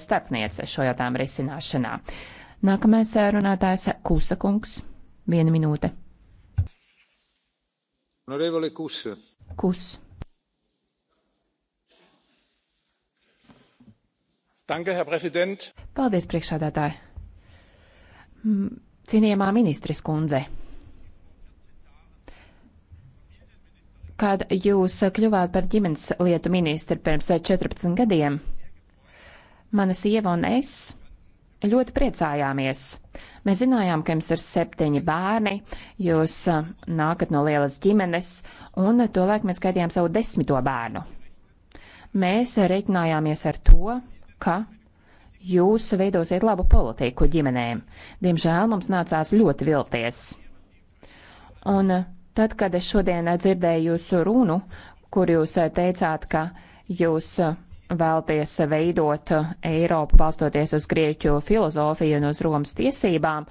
starpniece šo jautājumu risināšanā. Nākamais runātājs Kūsa kungs. Viena minūte. Honorevole Kusa. Kus. Danke, Herr Präsident. Paldies, priekšādātāji. Mm, cienījamā ministres kundze. Kad jūs kļuvāt par ģimenes lietu ministru pirms 14 gadiem, Mana sieva un es ļoti priecājāmies. Mēs zinājām, ka jums ir septiņi bērni, jūs eh, nākat no lielas ģimenes, un tolaik mēs gaidījām savu desmito bērnu. Mēs reiķinājāmies ar to, ka jūs veidosiet labu politiku ģimenēm. Diemžēl mums nācās ļoti vilties. Un tad, kad es šodien eh, dzirdēju jūsu runu, kur jūs eh, teicāt, ka jūs vēlties veidot Eiropu balstoties uz grieķu filozofiju un uz Romas tiesībām,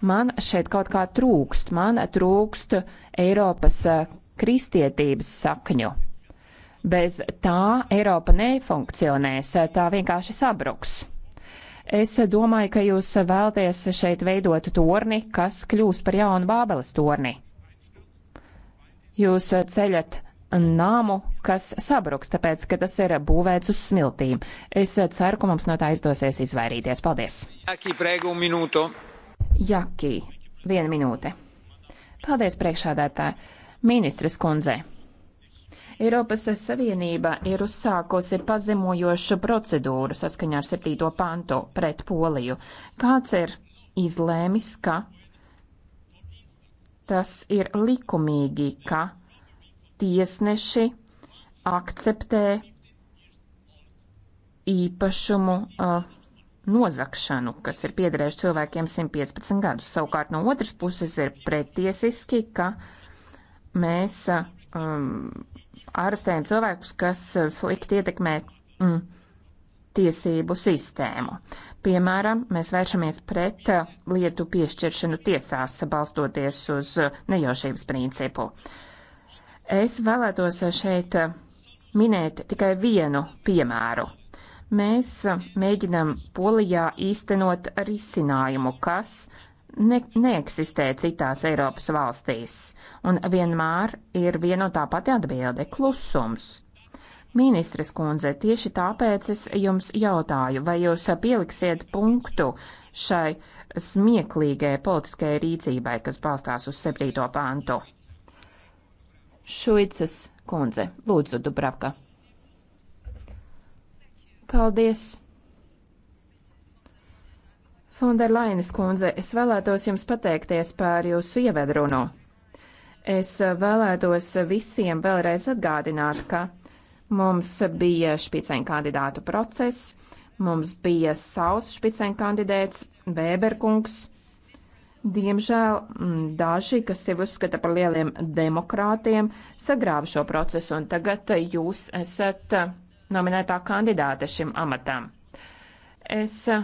man šeit kaut kā trūkst. Man trūkst Eiropas eh, kristietības sakņu. Bez tā Eiropa nefunkcionēs, eh, tā vienkārši sabruks. Es domāju, ka jūs vēlties šeit veidot torni, kas kļūs par jaunu Bābeles torni. Jūs eh, ceļat namu, kas sabruks, tāpēc, ka tas ir būvēts uz smiltīm. Es ceru, ka mums no tā izdosies izvairīties. Paldies! Jaki, prēgu, minūto. Jaki, viena minūte. Paldies, priekšādātāji. Ministres kundze. Eiropas Savienība ir uzsākusi pazemojošu procedūru saskaņā ar 7. pantu pret Poliju. Kāds ir izlēmis, ka tas ir likumīgi, ka tiesneši akceptē īpašumu uh, nozakšanu, kas ir piederējuši cilvēkiem 115 gadus. Savukārt no otras puses ir pretiesiski, ka mēs um, ārstējam cilvēkus, kas slikti ietekmē mm, tiesību sistēmu. Piemēram, mēs vēršamies pret lietu piešķiršanu tiesās, balstoties uz nejaušības principu. Uh, Es vēlētos šeit eh, minēt tikai vienu piemēru. Mēs eh, mēģinam Polijā īstenot risinājumu, kas ne, neeksistē citās Eiropas valstīs, un vienmēr ir viena un tā pati atbilde - klusums. Ministres kundze, tieši tāpēc es jums jautāju, vai jūs pieliksiet punktu šai smieklīgai politiskajai rīcībai, kas balstās uz septīto pantu? Šuicas kundze. Lūdzu, Dubravka. Paldies. Fonderlainas kundze, es vēlētos jums pateikties par jūsu ievedrunu. Es vēlētos visiem vēlreiz atgādināt, ka mums bija špicēn kandidātu process, mums bija savs špicēn kandidēts Vēberkungs Diemžēl mm, daži, kas sevi uzskata par lieliem demokrātiem, sagrāva šo procesu, un tagad jūs esat nominētā kandidāte šim amatam. Es eh,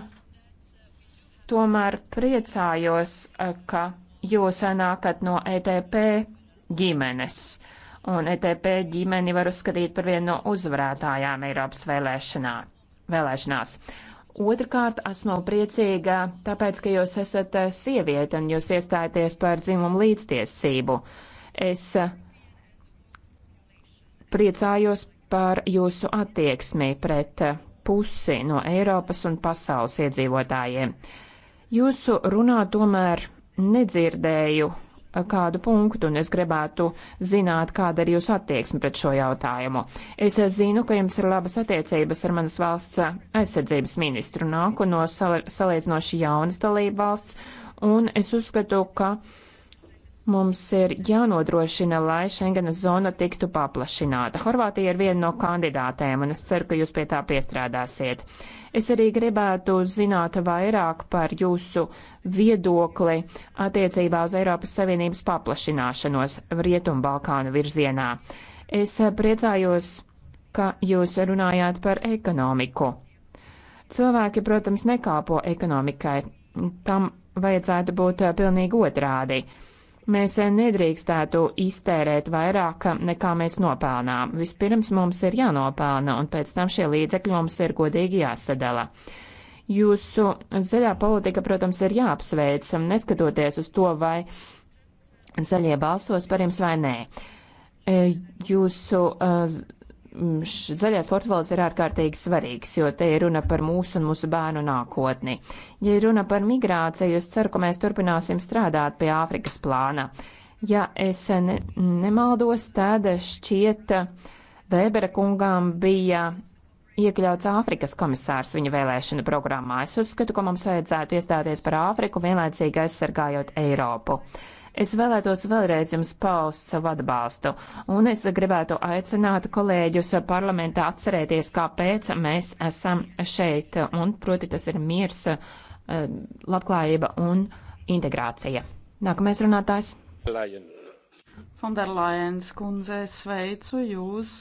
tomēr priecājos, eh, ka jūs nākat no ETP ģimenes, un ETP ģimeni var uzskatīt par vienu no uzvarētājām Eiropas vēlēšanā, vēlēšanās. Otrakārt, esmu priecīga, tāpēc, ka jūs esat eh, sieviete un jūs iestājaties par dzimumu līdztiesību. Es eh, priecājos par jūsu attieksmi pret eh, pusi no Eiropas un pasaules iedzīvotājiem. Jūsu runā tomēr nedzirdēju kādu punktu, un es gribētu zināt, kāda ir jūsu attieksme pret šo jautājumu. Es zinu, ka jums ir labas attiecības ar manas valsts aizsardzības ministru, nāku no sal salīdzinoši jaunas dalību valsts, un es uzskatu, ka uh, Mums ir jānodrošina, lai Schengena zona tiktu paplašināta. Horvātija ir viena no kandidātēm, un es ceru, ka jūs pie tā piestrādāsiet. Es arī gribētu zināt vairāk par jūsu viedokli attiecībā uz Eiropas Savienības paplašināšanos Rietumbalkānu virzienā. Es priecājos, ka jūs runājāt par ekonomiku. Cilvēki, protams, nekalpo ekonomikai. Tam vajadzētu būt pilnīgi otrādi. Mēs nedrīkstētu iztērēt vairāk, nekā mēs nopelnām. Vispirms mums ir jānopelna, un pēc tam šie līdzekļi mums ir godīgi jāsadala. Jūsu zaļā politika, protams, ir jāapsveic, neskatoties uz to, vai zaļie balsos par jums vai nē. E, jūsu e, Mm, zaļās portfels ir ārkārtīgi svarīgs, jo te ir runa par mūsu un mūsu bērnu nākotni. Ja runa par migrāciju, es ceru, ka mēs turpināsim strādāt pie Āfrikas plāna. Ja es ne, nemaldos, tad šķiet Vēbera kungām bija iekļauts Āfrikas komisārs viņa vēlēšana programmā. Es uzskatu, ka mums vajadzētu iestāties par Āfriku, vienlaicīgi aizsargājot Eiropu. Uh, Es vēlētos vēlreiz jums paust savu atbalstu, un es gribētu aicināt kolēģus parlamentā atcerēties, kāpēc mēs esam šeit, un proti tas ir miers, eh, labklājība un integrācija. Nākamais runātājs. Lion. Fonderlajens kundze, sveicu jūs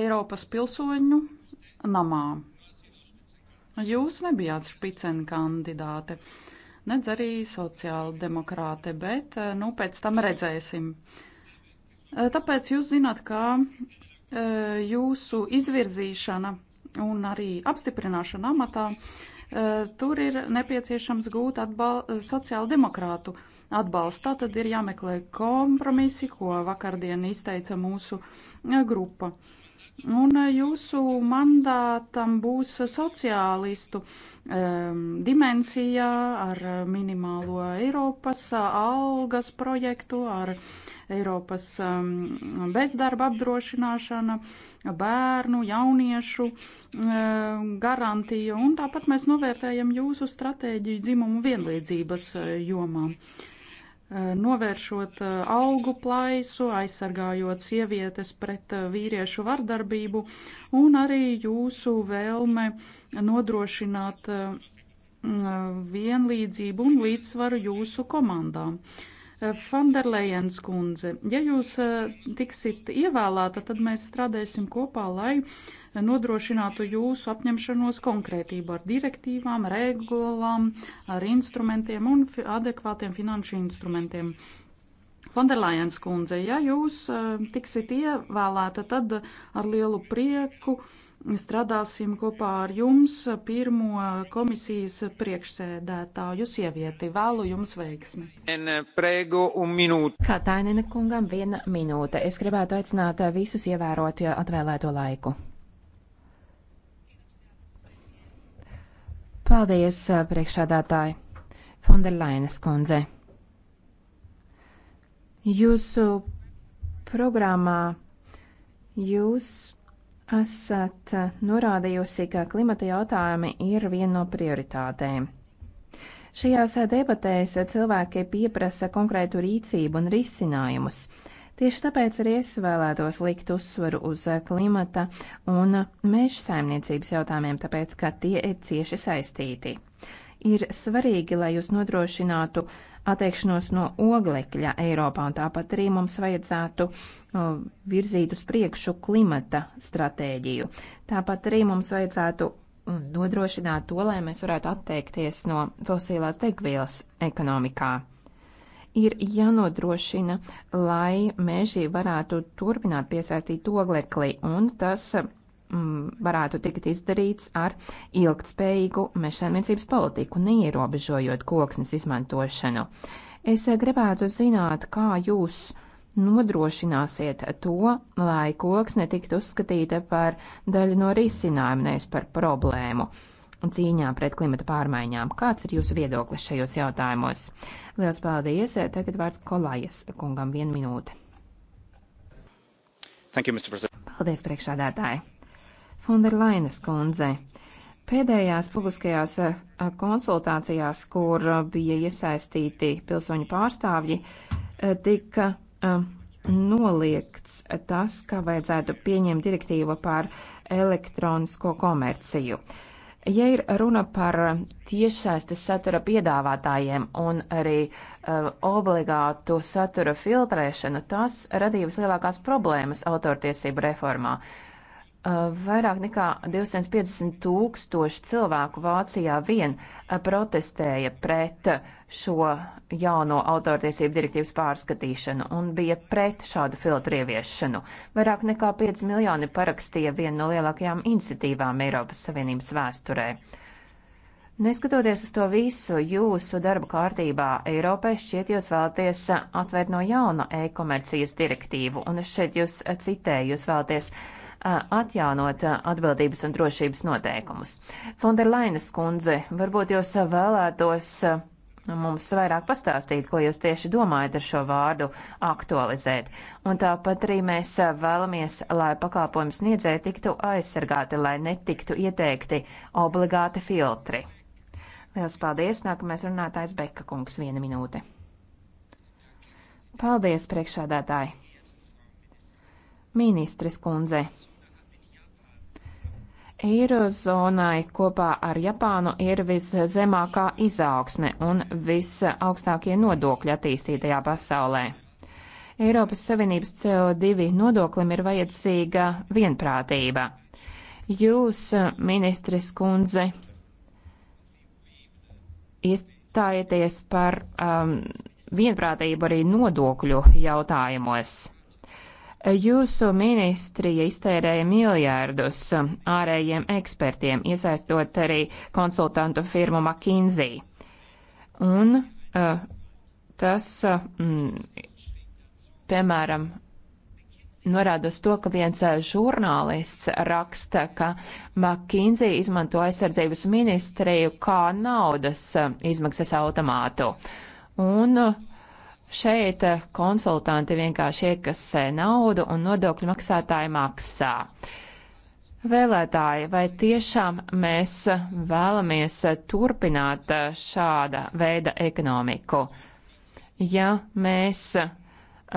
Eiropas pilsoņu namā. Jūs nebijāt špicen kandidāte. Uh, nedz arī sociāla demokrāte, bet eh, nu, pēc tam redzēsim. Eh, tāpēc jūs zināt, ka eh, jūsu izvirzīšana un arī apstiprināšana amatā tur ir nepieciešams gūt atbal sociāla demokrātu atbalstu. Tā tad ir jāmeklē kompromisi, ko vakardien izteica mūsu grupa. Uh, Un eh, jūsu mandātam būs sociālistu um, dimensija ar minimālo Eiropas eh, algas projektu, ar Eiropas um, bezdarba apdrošināšana, bērnu, jauniešu um, garantija. Un tāpat mēs novērtējam jūsu stratēģiju dzimumu vienlīdzības eh, jomām. Um, novēršot eh, algu plaisu, aizsargājot sievietes pret eh, vīriešu vardarbību un arī jūsu vēlme nodrošināt eh, vienlīdzību un līdzsvaru jūsu komandām. Fanderlejens kundze, ja jūs tiksiet ievēlēta, tad mēs strādēsim kopā, lai uh, nodrošinātu jūsu apņemšanos konkrētību ar direktīvām, regulām, ar instrumentiem un adekvātiem finanšu instrumentiem. Fonderlajens kundze, ja jūs eh, tiksit ievēlēta, tad ar lielu prieku strādāsim kopā ar jums pirmo komisijas priekšsēdētāju sievieti. Vēlu jums veiksmi. Eh, Prēgu un minūti. Kā Tainina kungam viena minūte. Es gribētu aicināt visus ievērot atvēlēto laiku. Paldies, priekšādātāji. Fonderlainas kundze. Jūsu programmā jūs esat norādījusi, ka klimata jautājumi ir viena no prioritātēm. Šajās debatēs cilvēki pieprasa konkrētu rīcību un risinājumus. Tieši tāpēc arī es vēlētos likt uzsvaru uz eh, klimata un meža saimniecības jautājumiem, tāpēc, ka tie ir cieši saistīti. Ir svarīgi, lai jūs nodrošinātu attiekšanos no oglekļa Eiropā, un tāpat arī mums vajadzētu virzīt uz priekšu klimata stratēģiju. Tāpat arī mums vajadzētu nodrošināt to, lai mēs varētu atteikties no fosilās degvielas ekonomikā ir jānodrošina, lai meži varētu turpināt piesaistīt oglekli, un tas mm, varētu tikt izdarīts ar ilgtspējīgu mežsaimniecības politiku, neierobežojot koksnes izmantošanu. Es gribētu zināt, kā jūs nodrošināsiet to, lai koksne tiktu uzskatīta par daļu no risinājuma, nevis par problēmu un cīņā pret klimata pārmaiņām. Kāds ir jūsu viedoklis šajos jautājumos? Lielas paldies! Tagad vārds Kolājas kungam vienu minūti. Thank you, Mr. President. Paldies, priekšādātāji! Fonderlainas kundze pēdējās publiskajās eh, konsultācijās, kur eh, bija iesaistīti pilsoņu pārstāvji, eh, tika noliegts tas, ka vajadzētu pieņemt direktīvu par elektronisko komerciju. Uh, Ja ir runa par tiešsaistes satura piedāvātājiem un arī uh, obligātu satura filtrēšanu, tas radīja vislielākās problēmas autortiesību reformā. Uh, vairāk nekā 250 tūkstoši cilvēku Vācijā vien uh, protestēja pret šo jauno autortiesību direktīvas pārskatīšanu un bija pret šādu filtru ieviešanu. Vairāk nekā 5 miljoni parakstīja vienu no lielākajām iniciatīvām Eiropas Savienības vēsturē. Neskatoties uz to visu, jūsu darba kārtībā Eiropai šķiet jūs vēlaties uh, atvērt no jauna e-komercijas direktīvu, un es šeit jūs citēju, jūs vēlaties atjaunot atbildības un drošības noteikumus. Fonderlainas kundze, varbūt jūs vēlētos mums vairāk pastāstīt, ko jūs tieši domājat ar šo vārdu aktualizēt. Un tāpat arī mēs vēlamies, lai pakalpojumu sniedzēji tiktu aizsargāti, lai netiktu ieteikti obligāti filtri. Lielas paldies! Nākamais runātājs Beka kungs, viena minūte. Paldies, priekšādātāji! Ministres kundze! Eirozonai kopā ar Japānu ir viszemākā izaugsme un visaugstākie nodokļi attīstītajā pasaulē. Eiropas Savienības CO2 nodoklim ir vajadzīga vienprātība. Jūs, ministres kundze, iestājieties par um, vienprātību arī nodokļu jautājumos. Jūsu ministrija iztērēja miljārdus ārējiem ekspertiem, iesaistot arī konsultantu firmu McKinsey. Un uh, tas, uh, mm, piemēram, norāda uz to, ka viens uh, žurnālists raksta, ka McKinsey izmanto aizsardzības ministriju kā naudas uh, izmaksas automātu. Un uh, Šeit eh, konsultanti vienkārši iekasē naudu un nodokļu maksātāji maksā. Vēlētāji, vai tiešām mēs vēlamies eh, turpināt eh, šāda veida ekonomiku? Ja mēs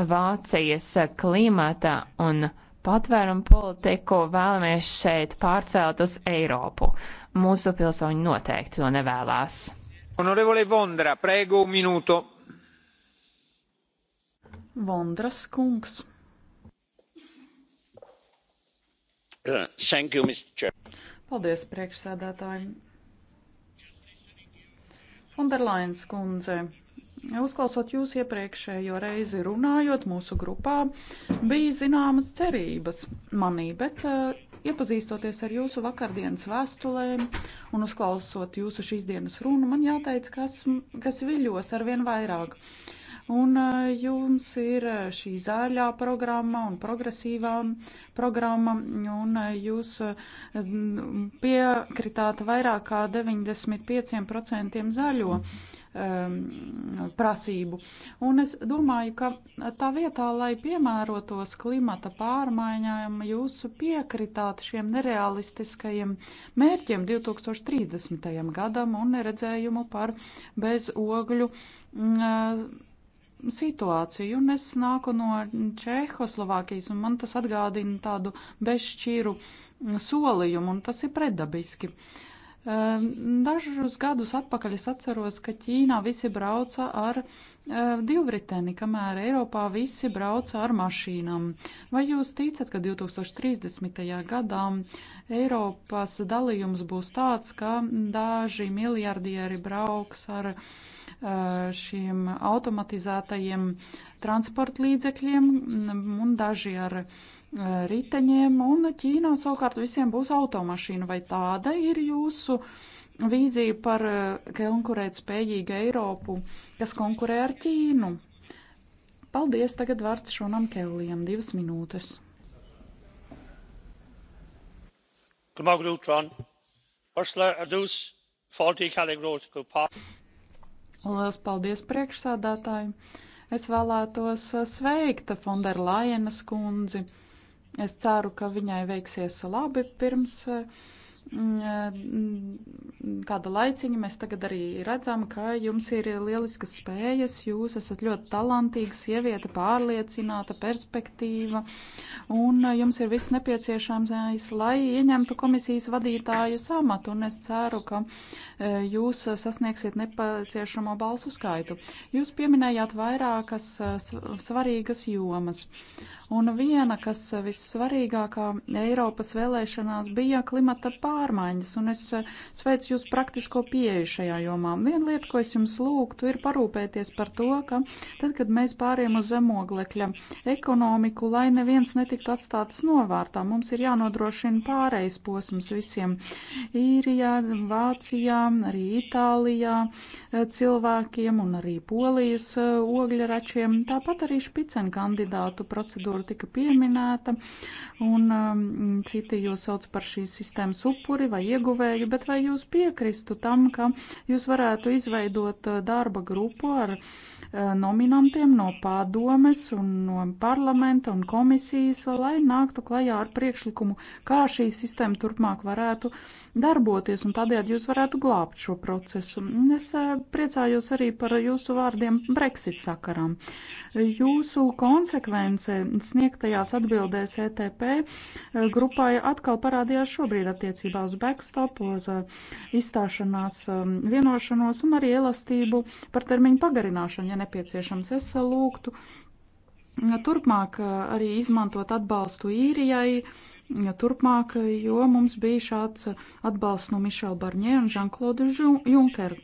Vācijas klimata un patvērumu politiku vēlamies šeit pārcelt uz Eiropu, mūsu pilsoņi noteikti to nevēlās. Honorevole Vondra, prego un minūto. Vondras kungs. Uh, thank you, Mr. Chair. Paldies, priekšsēdētāji. Fonderlains kundze, uzklausot jūs iepriekšējo reizi runājot mūsu grupā, bija zināmas cerības manī, bet uh, iepazīstoties ar jūsu vakardienas vēstulēm un uzklausot jūsu šīs dienas runu, man jāteic, kas, kas viļos arvien vairāk. Uh, Un eh, jums ir eh, šī zaļā programma un progresīvā programma, un eh, jūs piekritāt vairāk kā 95% zaļo ehm, prasību. Un es domāju, ka tā vietā, lai piemērotos klimata pārmaiņām, jūs piekritāt šiem nerealistiskajiem mērķiem 2030. gadam un redzējumu par bezogļu. Mm, situāciju, un es nāku no Čehoslovākijas, un man tas atgādina tādu bezšķīru solījumu, un tas ir predabiski. Uh, Ehm, dažus gadus atpakaļ es atceros, ka Ķīnā visi brauca ar e, divriteni, kamēr Eiropā visi brauca ar mašīnām. Vai jūs ticat, ka 2030. gadā Eiropas dalījums būs tāds, ka daži miljardieri brauks ar e, šiem automatizētajiem transportlīdzekļiem un daži ar E, riteņiem, un Ķīnā savukārt visiem būs automašīna. Vai tāda ir jūsu vīzija par e, konkurēt spējīgu Eiropu, kas konkurē ar Ķīnu? Paldies, tagad vārds Šonam Kellijam, divas minūtes. Lielas paldies priekšsādātāji! Es vēlētos e, sveikt Fonderlajenas kundzi Es ceru, ka viņai veiksies labi pirms mm, kāda laiciņa. Mēs tagad arī redzam, ka jums ir lieliskas spējas, jūs esat ļoti talantīga sieviete, pārliecināta perspektīva, un jums ir viss nepieciešamais, lai ieņemtu komisijas vadītāja samatu, un es ceru, ka e, jūs sasniegsiet nepieciešamo balsu skaitu. Jūs pieminējāt vairākas e, svarīgas jomas Un viena, kas vissvarīgākā Eiropas vēlēšanās bija klimata pārmaiņas, un es eh, sveicu jūs praktisko pieeju šajā jomā. Viena lieta, ko es jums lūgtu, ir parūpēties par to, ka tad, kad mēs pāriem uz zemoglekļa ekonomiku, lai neviens netiktu atstātas novārtā, mums ir jānodrošina pārējais posms visiem. Īrijā, Vācijā, arī Itālijā eh, cilvēkiem un arī Polijas eh, ogļračiem, tāpat arī špicen kandidātu procedūru jau tika pieminēta, un um, citi jūs sauc par šīs sistēmas upuri vai ieguvēju, bet vai jūs piekristu tam, ka jūs varētu izveidot uh, darba grupu ar Eh, nominantiem no padomes un no parlamenta un komisijas, lai nāktu klajā ar priekšlikumu, kā šī sistēma turpmāk varētu darboties, un tādējādi jūs varētu glābt šo procesu. Es eh, priecājos arī par jūsu vārdiem Brexit sakarām. Jūsu konsekvence sniegtajās atbildēs ETP eh, grupai atkal parādījās šobrīd attiecībā uz backstop, uz izstāšanās vienošanos un arī elastību par termiņu pagarināšanu, ja nepieciešams. Es lūgtu turpmāk eh, arī izmantot atbalstu īrijai, turpmāk, jo mums bija šāds atbalsts no Mišela Barņē un Žankloda Junkera.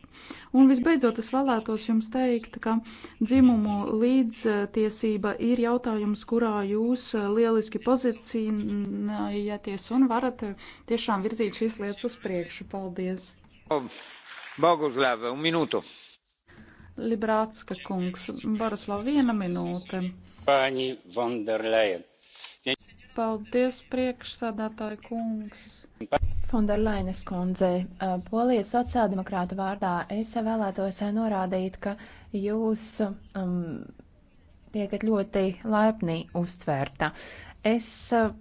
Un visbeidzot, es vēlētos jums teikt, ka dzimumu līdztiesība ir jautājums, kurā jūs eh, lieliski pozicionējaties un varat eh, tiešām virzīt šīs lietas uz priekšu. Paldies! Boguslava, un minūtu. Librātska kungs, Barislav, viena minūte. Pāņi Vonderleja. Paldies, priekšsādātāji kungs. Fonderlainas kundze, eh, Polijas sociāldemokrāta vārdā es vēlētos eh, norādīt, ka jūs um, tiekat ļoti laipni uztvērta. Es uh,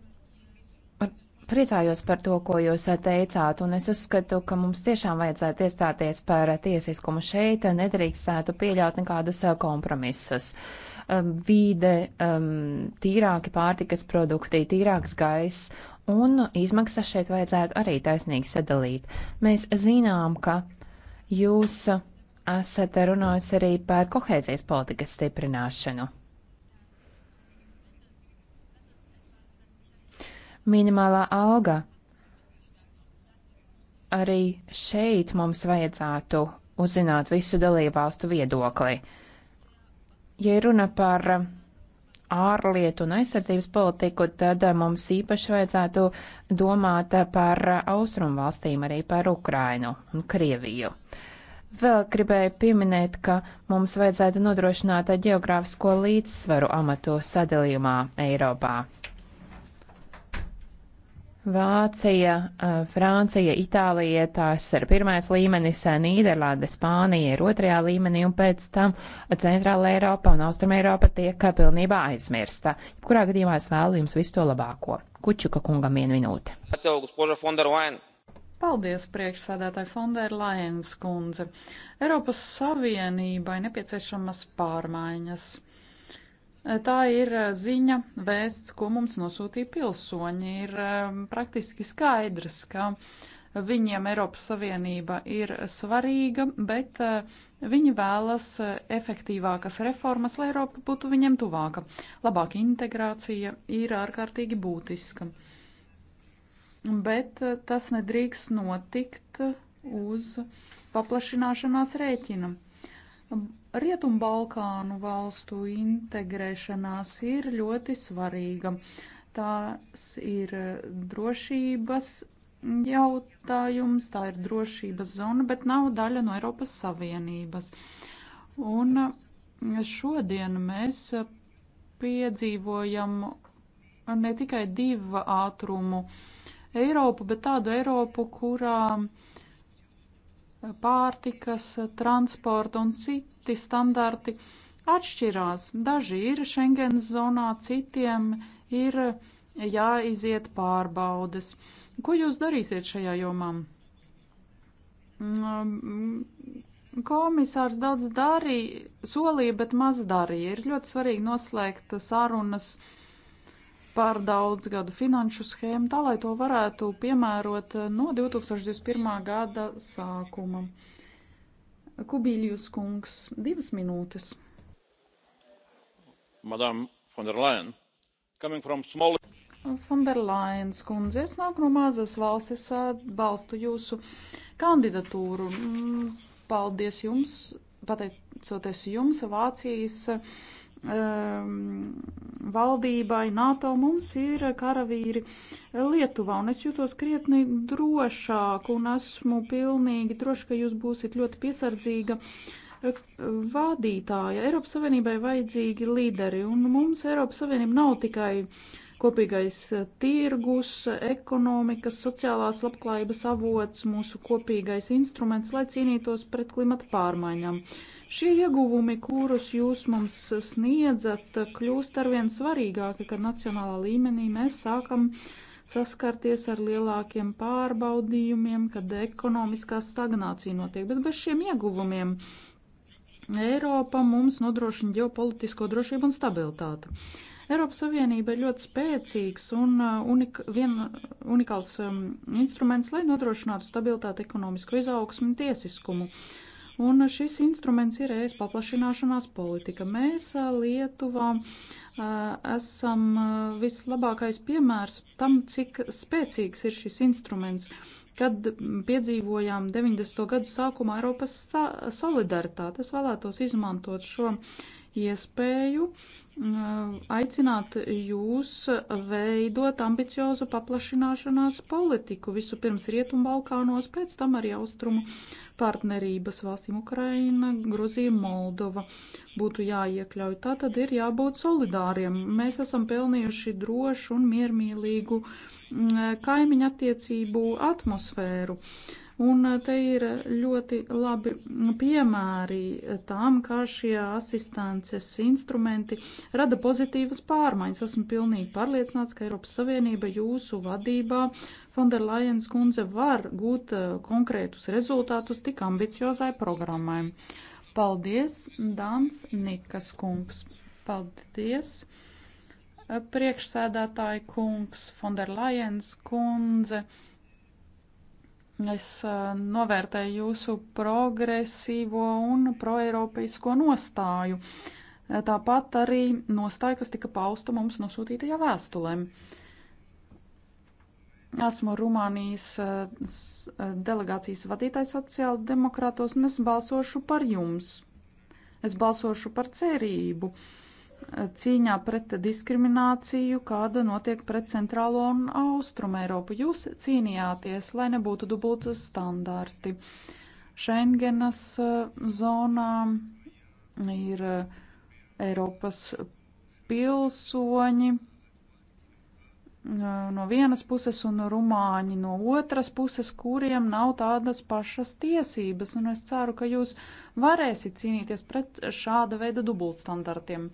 priecājos par to, ko jūs teicāt, un es uzskatu, ka mums tiešām vajadzētu iestāties par tiesiskumu šeit, nedrīkstētu pieļaut nekādus uh, kompromisus. Um, Vīde, um, tīrāki pārtikas produkti, tīrāks gaiss, un izmaksas šeit vajadzētu arī taisnīgi sadalīt. Mēs zinām, ka jūs esat runājusi arī par kohēzijas politikas stiprināšanu. minimālā alga. Arī šeit mums vajadzētu uzzināt visu dalībvalstu viedokli. Ja runa par ārlietu un aizsardzības politiku, tad mums īpaši vajadzētu domāt par austrumu valstīm, arī par Ukrainu un Krieviju. Vēl gribēju pieminēt, ka mums vajadzētu nodrošināt geogrāfisko līdzsvaru amatu sadalījumā Eiropā. Vācija, eh, Francija, Itālija, tās ir pirmais līmenis, eh, Nīderlanda, Spānija ir otrajā līmenī, un pēc tam Centrāla Eiropa un Austruma Eiropa tiek eh, pilnībā aizmirsta. Kurā gadījumā es vēlu jums visu to labāko. Kučuka kungam vienu minūti. Paldies, priekšsēdētāji Fonderlainas kundze. Eiropas Savienībai nepieciešamas pārmaiņas Tā ir eh, ziņa, vēsts, ko mums nosūtīja pilsoņi. Ir eh, praktiski skaidrs, ka viņiem Eiropas Savienība ir svarīga, bet eh, viņi vēlas efektīvākas reformas, lai Eiropa būtu viņiem tuvāka. Labāka integrācija ir ārkārtīgi būtiska. Bet tas nedrīkst notikt uz paplašināšanās rēķina. Rietumbalkānu valstu integrēšanās ir ļoti svarīga. Tās ir drošības jautājums, tā ir drošības zona, bet nav daļa no Eiropas Savienības. Un šodien mēs piedzīvojam ne tikai divu ātrumu Eiropu, bet tādu Eiropu, kurā pārtikas, transporta un citu citi standarti atšķirās. Daži ir Schengen zonā, citiem ir jāiziet pārbaudes. Ko jūs darīsiet šajā jomā? Mm, mm, komisārs daudz darīja, solīja, bet maz darīja. Ir ļoti svarīgi noslēgt sarunas par daudz gadu finanšu schēmu, tā lai to varētu piemērot no 2021. gada sākuma. Kubīļus kungs, divas minūtes. Madam Fonderlain, coming from small. Fonderlains kundze, es nāku no mazas valstis, atbalstu jūsu kandidatūru. Mm, paldies jums, pateicoties jums, Vācijas Um, valdībai, NATO mums ir karavīri Lietuvā, un es jūtos krietni drošāk, un esmu pilnīgi droši, ka jūs būsiet ļoti piesardzīga uh, vadītāja. Eiropas Savienībai vajadzīgi līderi, un mums Eiropas Savienība nav tikai kopīgais uh, tirgus, ekonomikas, sociālās labklājības avots, mūsu kopīgais instruments, lai cīnītos pret klimata pārmaiņām. Uh, Šie ieguvumi, kurus jūs mums sniedzat, kļūst arvien svarīgāki, kad nacionālā līmenī mēs sākam saskarties ar lielākiem pārbaudījumiem, kad ekonomiskā stagnācija notiek. Bet bez šiem ieguvumiem Eiropa mums nodrošina ģeopolitisko drošību un stabilitāti. Eiropas Savienība ir ļoti spēcīgs un uh, unik, vien, unikāls um, instruments, lai nodrošinātu stabilitāti, ekonomisko izaugsmu un tiesiskumu. Uh, Un šis instruments ir ēs paplašināšanās politika. Mēs Lietuvā esam vislabākais piemērs tam, cik spēcīgs ir šis instruments. Kad piedzīvojām 90. gadu sākumā Eiropas solidaritāti, es vēlētos izmantot šo uh, iespēju mm, aicināt jūs veidot ambiciozu paplašināšanās politiku vispirms Rietumbalkānos, pēc tam arī Austrumu partnerības valstīm Ukraina, Gruzija, Moldova būtu jāiekļauj. Tā tad ir jābūt solidāriem. Mēs esam pelnījuši drošu un miermīlīgu mm, kaimiņu attiecību atmosfēru. Uh, Un eh, te ir ļoti labi piemēri tām, kā šie asistences instrumenti rada pozitīvas pārmaiņas. Esmu pilnīgi pārliecināts, ka Eiropas Savienība jūsu vadībā Fonderlajens kundze var gūt eh, konkrētus rezultātus tik ambiciozai programmai. Paldies, Dāns Nikas kungs. Paldies eh, priekšsēdētāji kungs, Fonderlajens kundze, Es novērtēju jūsu progresīvo un proeiropeisko nostāju. Tāpat arī nostāju, kas tika pausta mums nosūtītajā vēstulē. Esmu Rumānijas delegācijas vadītājs sociāla demokrātos un es balsošu par jums. Es balsošu par cerību. Uh, cīņā pret diskrimināciju, kāda notiek pret centrālo un austrumu Eiropu. Jūs cīnījāties, lai nebūtu dubultas standarti. Šengenas eh, zonā ir eh, Eiropas pilsoņi, no vienas puses un rumāņi no otras puses, kuriem nav tādas pašas tiesības. Un es ceru, ka jūs varēsiet cīnīties pret šāda veida dubultstandartiem.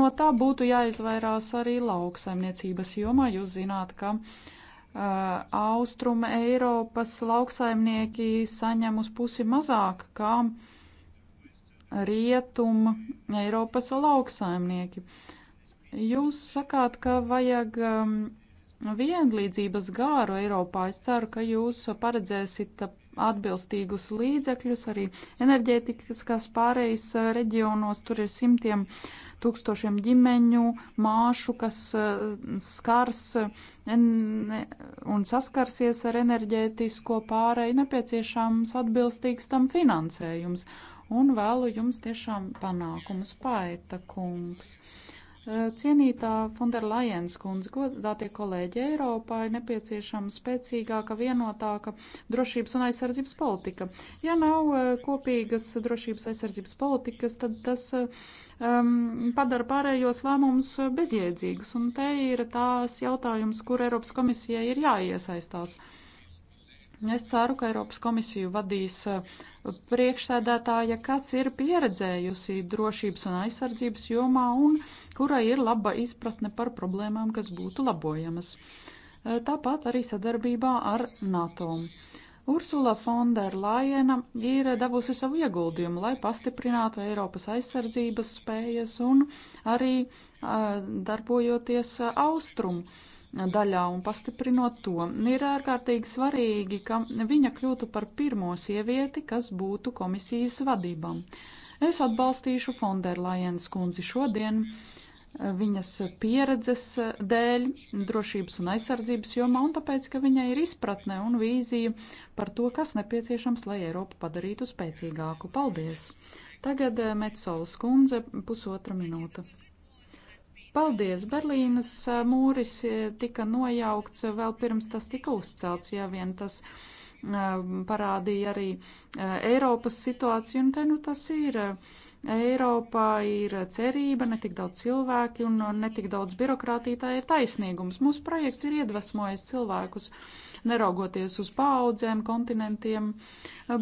No tā būtu jāizvairās arī lauksaimniecības jomā. Jūs zināt, ka uh, Austrum Eiropas lauksaimnieki saņem uz pusi mazāk kā Rietum Eiropas lauksaimnieki. Uh, Jūs sakāt, ka vajag um, vienlīdzības gāru Eiropā. Es ceru, ka jūs paredzēsit uh, atbilstīgus līdzekļus arī enerģētikas pārejas uh, reģionos. Tur ir simtiem tūkstošiem ģimeņu, māšu, kas uh, skars un saskarsies ar enerģētisko pāreju. Nepieciešams atbilstīgs tam finansējums. Un vēlu jums tiešām panākumus, paēta kungs. Uh, Cienītā Fonderlajens kundze, godātie kolēģi, Eiropā ir nepieciešama spēcīgāka, vienotāka drošības un aizsardzības politika. Ja nav eh, kopīgas drošības aizsardzības politikas, tad tas eh, um, padara pārējos lēmumus bezjēdzīgus, un te ir tās jautājums, kur Eiropas komisijai ir jāiesaistās. Uh, Es ceru, ka Eiropas komisiju vadīs eh, priekšsēdētāja, kas ir pieredzējusi drošības un aizsardzības jomā un kurai ir laba izpratne par problēmām, kas būtu labojamas. Eh, tāpat arī sadarbībā ar NATO. Ursula Fonderlajena ir devusi savu ieguldījumu, lai pastiprinātu Eiropas aizsardzības spējas un arī eh, darbojoties austrumu daļā un pastiprinot to. Ir ārkārtīgi svarīgi, ka viņa kļūtu par pirmo sievieti, kas būtu komisijas vadībām. Es atbalstīšu Fonderlajens kundzi šodien viņas pieredzes dēļ, drošības un aizsardzības jomā, un tāpēc, ka viņai ir izpratne un vīzija par to, kas nepieciešams, lai Eiropu padarītu spēcīgāku. Paldies! Tagad eh, Metsolas kundze pusotra minūte. Paldies! Berlīnas mūris tika nojaukts vēl pirms tas tika uzcelts, ja vien tas parādīja arī Eiropas situāciju, un te nu tas ir. Eiropā ir cerība, ne tik daudz cilvēki un ne tik daudz birokrātī, tā ir taisnīgums. Mūsu projekts ir iedvesmojis cilvēkus uh, neraugoties uz paudzēm, kontinentiem,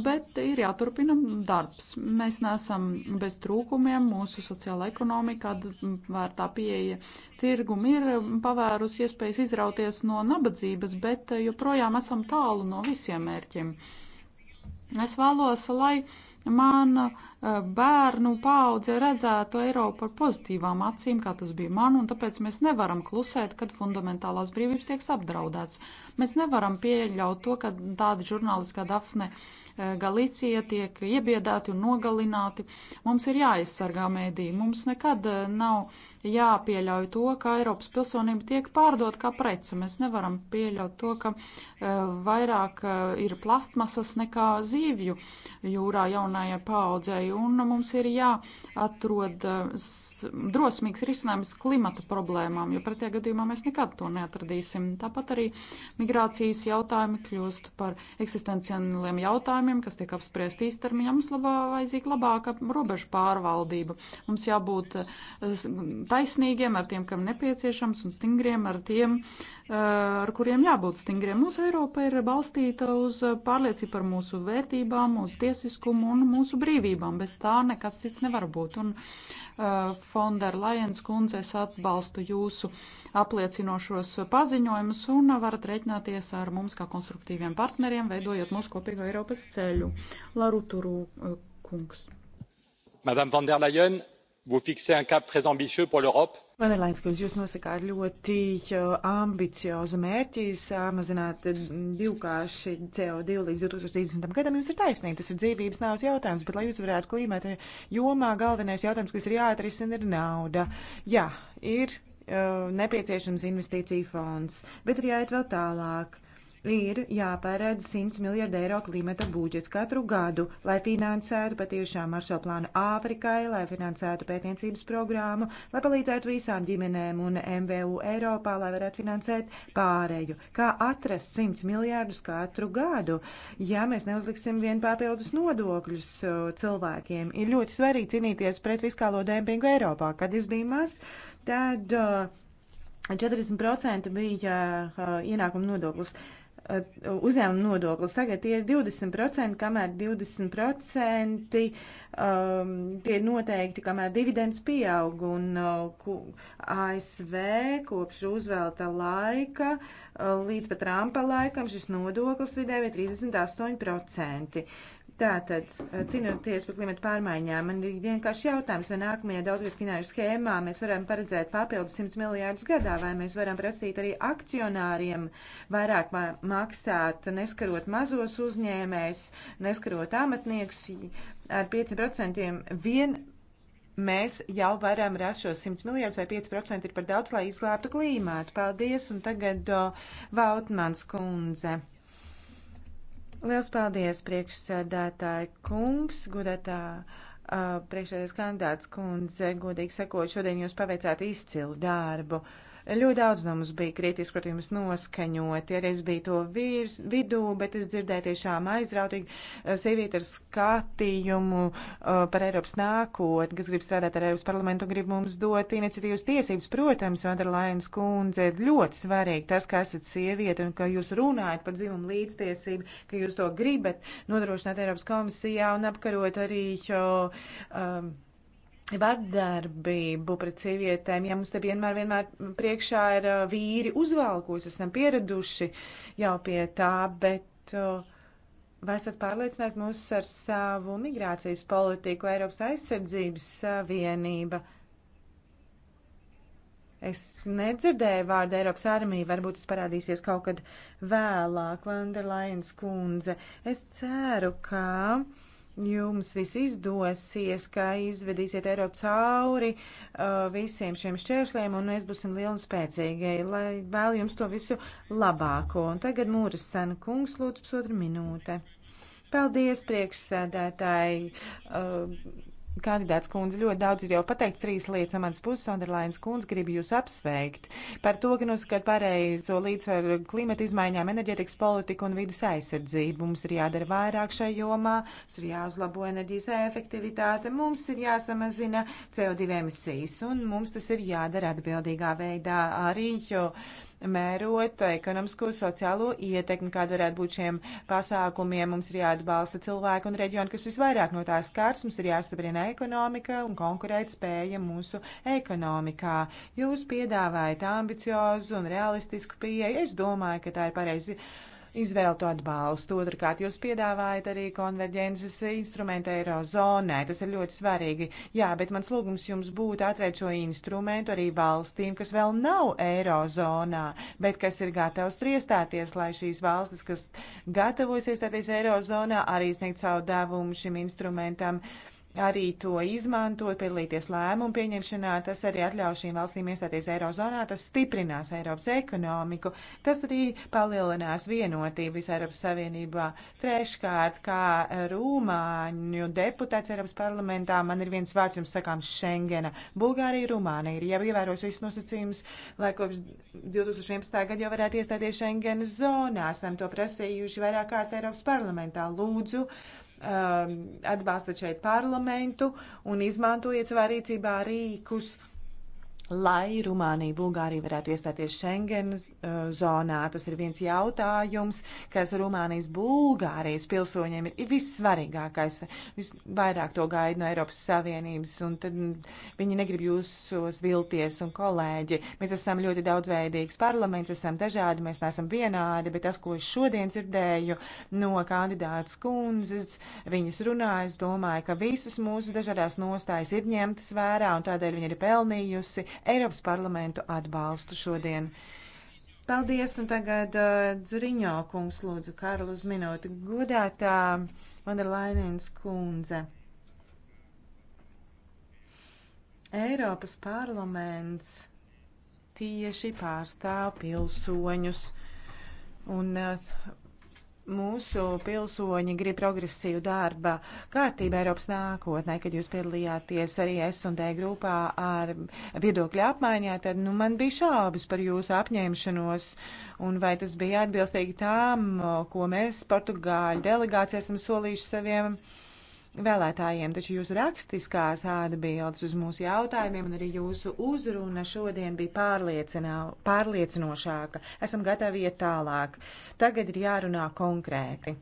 bet ir jāturpina darbs. Mēs neesam bez trūkumiem, mūsu sociāla ekonomika, atvērtā pieeja tirgum ir pavērusi iespējas izrauties no nabadzības, bet joprojām esam tālu no visiem mērķiem. Es vēlos, lai mana eh, bērnu paudze redzētu Eiropu ar pozitīvām acīm, kā tas bija man, un tāpēc mēs nevaram klusēt, kad fundamentālās brīvības tiek apdraudētas. Mēs nevaram pieļaut to, ka tāda žurnālists kā Dafne Eh, Galicija tiek iebiedāti un nogalināti. Mums ir jāaizsargā mēdī. Mums nekad eh, nav jāpieļauj to, ka Eiropas pilsonība tiek pārdot kā prece. Mēs nevaram pieļaut to, ka eh, vairāk ir plastmasas nekā zīvju jūrā jaunajai paaudzēji. Un mums ir jāatrod drosmīgs risinājums klimata problēmām, jo pretējā gadījumā mēs nekad to neatradīsim. Tāpat arī migrācijas jautājumi kļūst par eksistenciāliem jautājumiem jautājumiem, kas tiek apspriesti īstermiņā, mums labā vajadzīga labāka robežu pārvaldība. Mums jābūt eh, taisnīgiem ar tiem, kam nepieciešams, un stingriem ar tiem, eh, ar kuriem jābūt stingriem. Mūsu Eiropa ir balstīta uz pārliecību par mūsu vērtībām, uz tiesiskumu un mūsu brīvībām. Bez tā nekas cits nevar būt. Un, uh, Fonder eh, Lajens kundze, es atbalstu jūsu apliecinošos paziņojumus un varat reiķināties ar mums kā konstruktīviem partneriem, veidojot mūsu kopīgo Eiropas ceļu. Laru Turu eh, kungs. Madame van der Leyen, vous fixez un cap très ambitieux pour l'Europe. Vanderlains, kungs, jūs nosakāt ļoti uh, ambiciozu mērķi samazināt uh, divkārši CO2 līdz 2030. gadam. Jums ir taisnība, tas ir dzīvības nāves jautājums, bet, lai jūs varētu klimata jomā, galvenais jautājums, kas ir jāatrisina, ir nauda. Jā, ir uh, nepieciešams investīcija fonds, bet ir jāiet vēl tālāk ir jāpēredz 100 miljardu eiro klimata budžets katru gadu, lai finansētu patiešām maršo plānu Āfrikai, lai finansētu pētniecības programmu, lai palīdzētu visām ģimenēm un MVU Eiropā, lai varētu finansēt pārēju. Kā atrast 100 miljārdus katru gadu, ja mēs neuzliksim vien papildus nodokļus cilvēkiem? Ir ļoti svarīgi cīnīties pret fiskālo dēmpingu Eiropā. Kad es biju maz, tad. Uh, 40% bija uh, ienākuma nodoklis uzņēmuma nodoklis. Tagad ir 20%, kamēr 20% um, tie ir noteikti, kamēr dividends pieaug. Un uh, ASV kopš uzvelta laika uh, līdz pat Trumpa laikam šis nodoklis vidēji ir 38%. Tātad, cīnoties par klimatu pārmaiņām, man ir vienkārši jautājums, vai nākamajā daudzgadu finanšu schēmā mēs varam paredzēt papildus 100 miljārdus gadā, vai mēs varam prasīt arī akcionāriem vairāk maksāt, neskarot mazos uzņēmējs, neskarot amatniekus ar 5% vien mēs jau varam rast šos 100 miljardus vai 5% ir par daudz, lai izglābtu klīmātu. Paldies, un tagad o, Vautmans kundze. Liels paldies, priekšsēdētāji kungs, gudētā uh, priekšsēdētājs kandidāts kundze, godīgi sakot, šodien jūs paveicāt izcilu darbu. Uh, Ļoti daudz no mums bija kritiski, protams, noskaņoti, arī es biju to virs, vidū, bet es dzirdēju tiešām aizrautīgi eh, sievieti ar skatījumu eh, par Eiropas nākotni, kas grib strādāt ar Eiropas parlamentu un grib mums dot iniciatīvas tiesības. Protams, Vanderlainas kundze ir ļoti svarīgi tas, ka esat sievieti un ka jūs runājat par dzimumu līdztiesību, ka jūs to gribat nodrošināt Eiropas komisijā un apkarot arī. Jo, um, ehm, vardarbību pret sievietēm, ja mums te vienmēr, vienmēr priekšā ir uh, vīri uzvalkos, esam pieraduši jau pie tā, bet uh, vai esat pārliecinājis mūs ar savu migrācijas politiku Eiropas aizsardzības savienība? Es nedzirdēju vārdu Eiropas armija, varbūt tas parādīsies kaut kad vēlāk, Vanderlainas kundze. Es ceru, ka. Kā jums viss izdosies, ka izvedīsiet Eiropu cauri uh, visiem šiem šķēršļiem, un mēs būsim lieli un spēcīgi, lai vēl jums to visu labāko. Un tagad Mūras Sena kungs lūdzu pusotru minūte. Paldies, priekšsēdētāji! Uh, Kandidāts kundze ļoti daudz ir jau pateikts trīs lietas no manas puses. Sonderlains kundze grib jūs apsveikt par to, ka nosakāt pareizo līdzsvaru klimata izmaiņām, enerģetikas politiku un vidas aizsardzību. Mums ir jādara vairāk šai jomā, mums ir jāuzlabo enerģijas efektivitāte, mums ir jāsamazina CO2 emisijas un mums tas ir jādara atbildīgā veidā arī, jo. Uh, mērot ekonomisko sociālo ietekmi, kāda varētu būt šiem pasākumiem. Mums ir jāatbalsta cilvēku un reģionu, kas visvairāk no tās skārs. Mums ir jāstiprina ekonomika un konkurēt spēja mūsu ekonomikā. Jūs piedāvājat ambiciozu un realistisku pieeju. Es domāju, ka tā ir pareizi. Uh, izvēlto atbalstu. Otrakārt, jūs piedāvājat arī konverģences instrumentu eirozonai. Tas ir ļoti svarīgi. Jā, bet mans lūgums jums būtu atvērt šo instrumentu arī valstīm, kas vēl nav eirozonā, bet kas ir gatavs triestāties, lai šīs valstis, kas gatavojas iestāties eirozonā, arī sniegt savu devumu šim instrumentam. Uh, arī to izmantot, piedalīties lēmumu pieņemšanā. Tas arī atļaus šīm valstīm iestāties Eirozonā, tas stiprinās Eiropas ekonomiku, tas arī palielinās vienotību visā Eiropas Savienībā. Treškārt, kā Rumāņu deputāts Eiropas parlamentā, man ir viens vārds jums sakāms Schengena. Bulgārija, Rumānija ir jau ievēros visus nosacījumus, lai kopš 2011. gada jau varētu iestāties Schengenas zonā. Esam to prasījuši vairāk kārt Eiropas parlamentā. Lūdzu, uh, Um, atbalstat šeit parlamentu un izmantojiet savā rīcībā rīkus, lai Rumānija, Bulgārija varētu iestāties Schengenas uh, eh, zonā. Tas ir viens jautājums, kas Rumānijas, Bulgārijas pilsoņiem ir vissvarīgākais. Visvairāk to gaida no Eiropas Savienības, un tad viņi negrib jūsos vilties un kolēģi. Mēs esam ļoti daudzveidīgs parlaments, esam dažādi, mēs neesam vienādi, bet tas, ko es šodien dzirdēju no kandidātas kundzes, viņas runājas, domāju, ka visas mūsu dažādās nostājas ir ņemtas vērā, un tādēļ viņa ir pelnījusi Eiropas parlamentu atbalstu šodien. Paldies, un tagad uh, Dzuriņo kungs lūdzu Karlu uz minūti. Godētā Vanderlainins kundze. Eiropas parlaments tieši pārstāv pilsoņus. Un uh, Mūsu pilsoņi grib progresīvu darba kārtību Eiropas nākotnē, kad jūs piedalījāties arī S&D grupā ar viedokļu apmaiņā, tad nu, man bija šaubas par jūsu apņemšanos un vai tas bija atbilstīgi tām, ko mēs Portugāļu delegācija esam solījuši saviem uh, vēlētājiem, taču jūsu rakstiskās atbildes uz mūsu jautājumiem un arī jūsu uzruna šodien bija pārliecinošāka. Esam gatavi iet tālāk. Tagad ir jārunā konkrēti.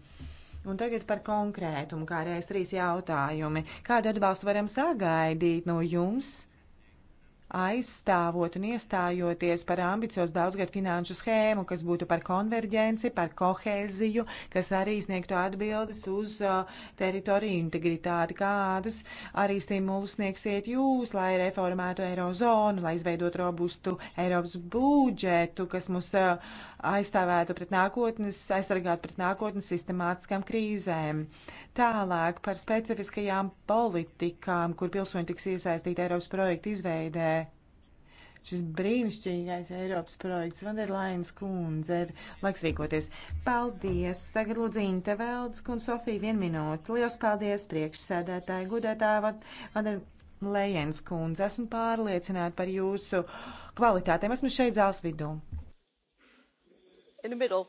Un tagad par konkrētumu, kā reiz trīs jautājumi. Kādu atbalstu varam sagaidīt no jums? aizstāvot un iestājoties par ambiciozu daudzgadu finanšu schēmu, kas būtu par konverģenci, par kohēziju, kas arī sniegtu atbildes uz uh, teritoriju integritāti, kādas arī stimulus sniegsiet jūs, lai reformētu eirozonu, lai izveidot robustu Eiropas budžetu, kas mums uh, aizstāvētu pret nākotnes, aizsargātu pret nākotnes sistemātiskām krīzēm. Tālāk par specifiskajām politikām, kur pilsoņi tiks iesaistīti Eiropas projektu izveidē. Šis brīnišķīgais Eiropas projekts Vanderlainas kundze ir laiks rīkoties. Paldies! Tagad lūdzu Inteveldes kundze Sofija vienu minūti. Liels paldies priekšsēdētāji, gudētāji Vanderlainas. Lējens kundze, esmu pārliecināta par jūsu kvalitātēm. Esmu šeit zāles vidū in the middle.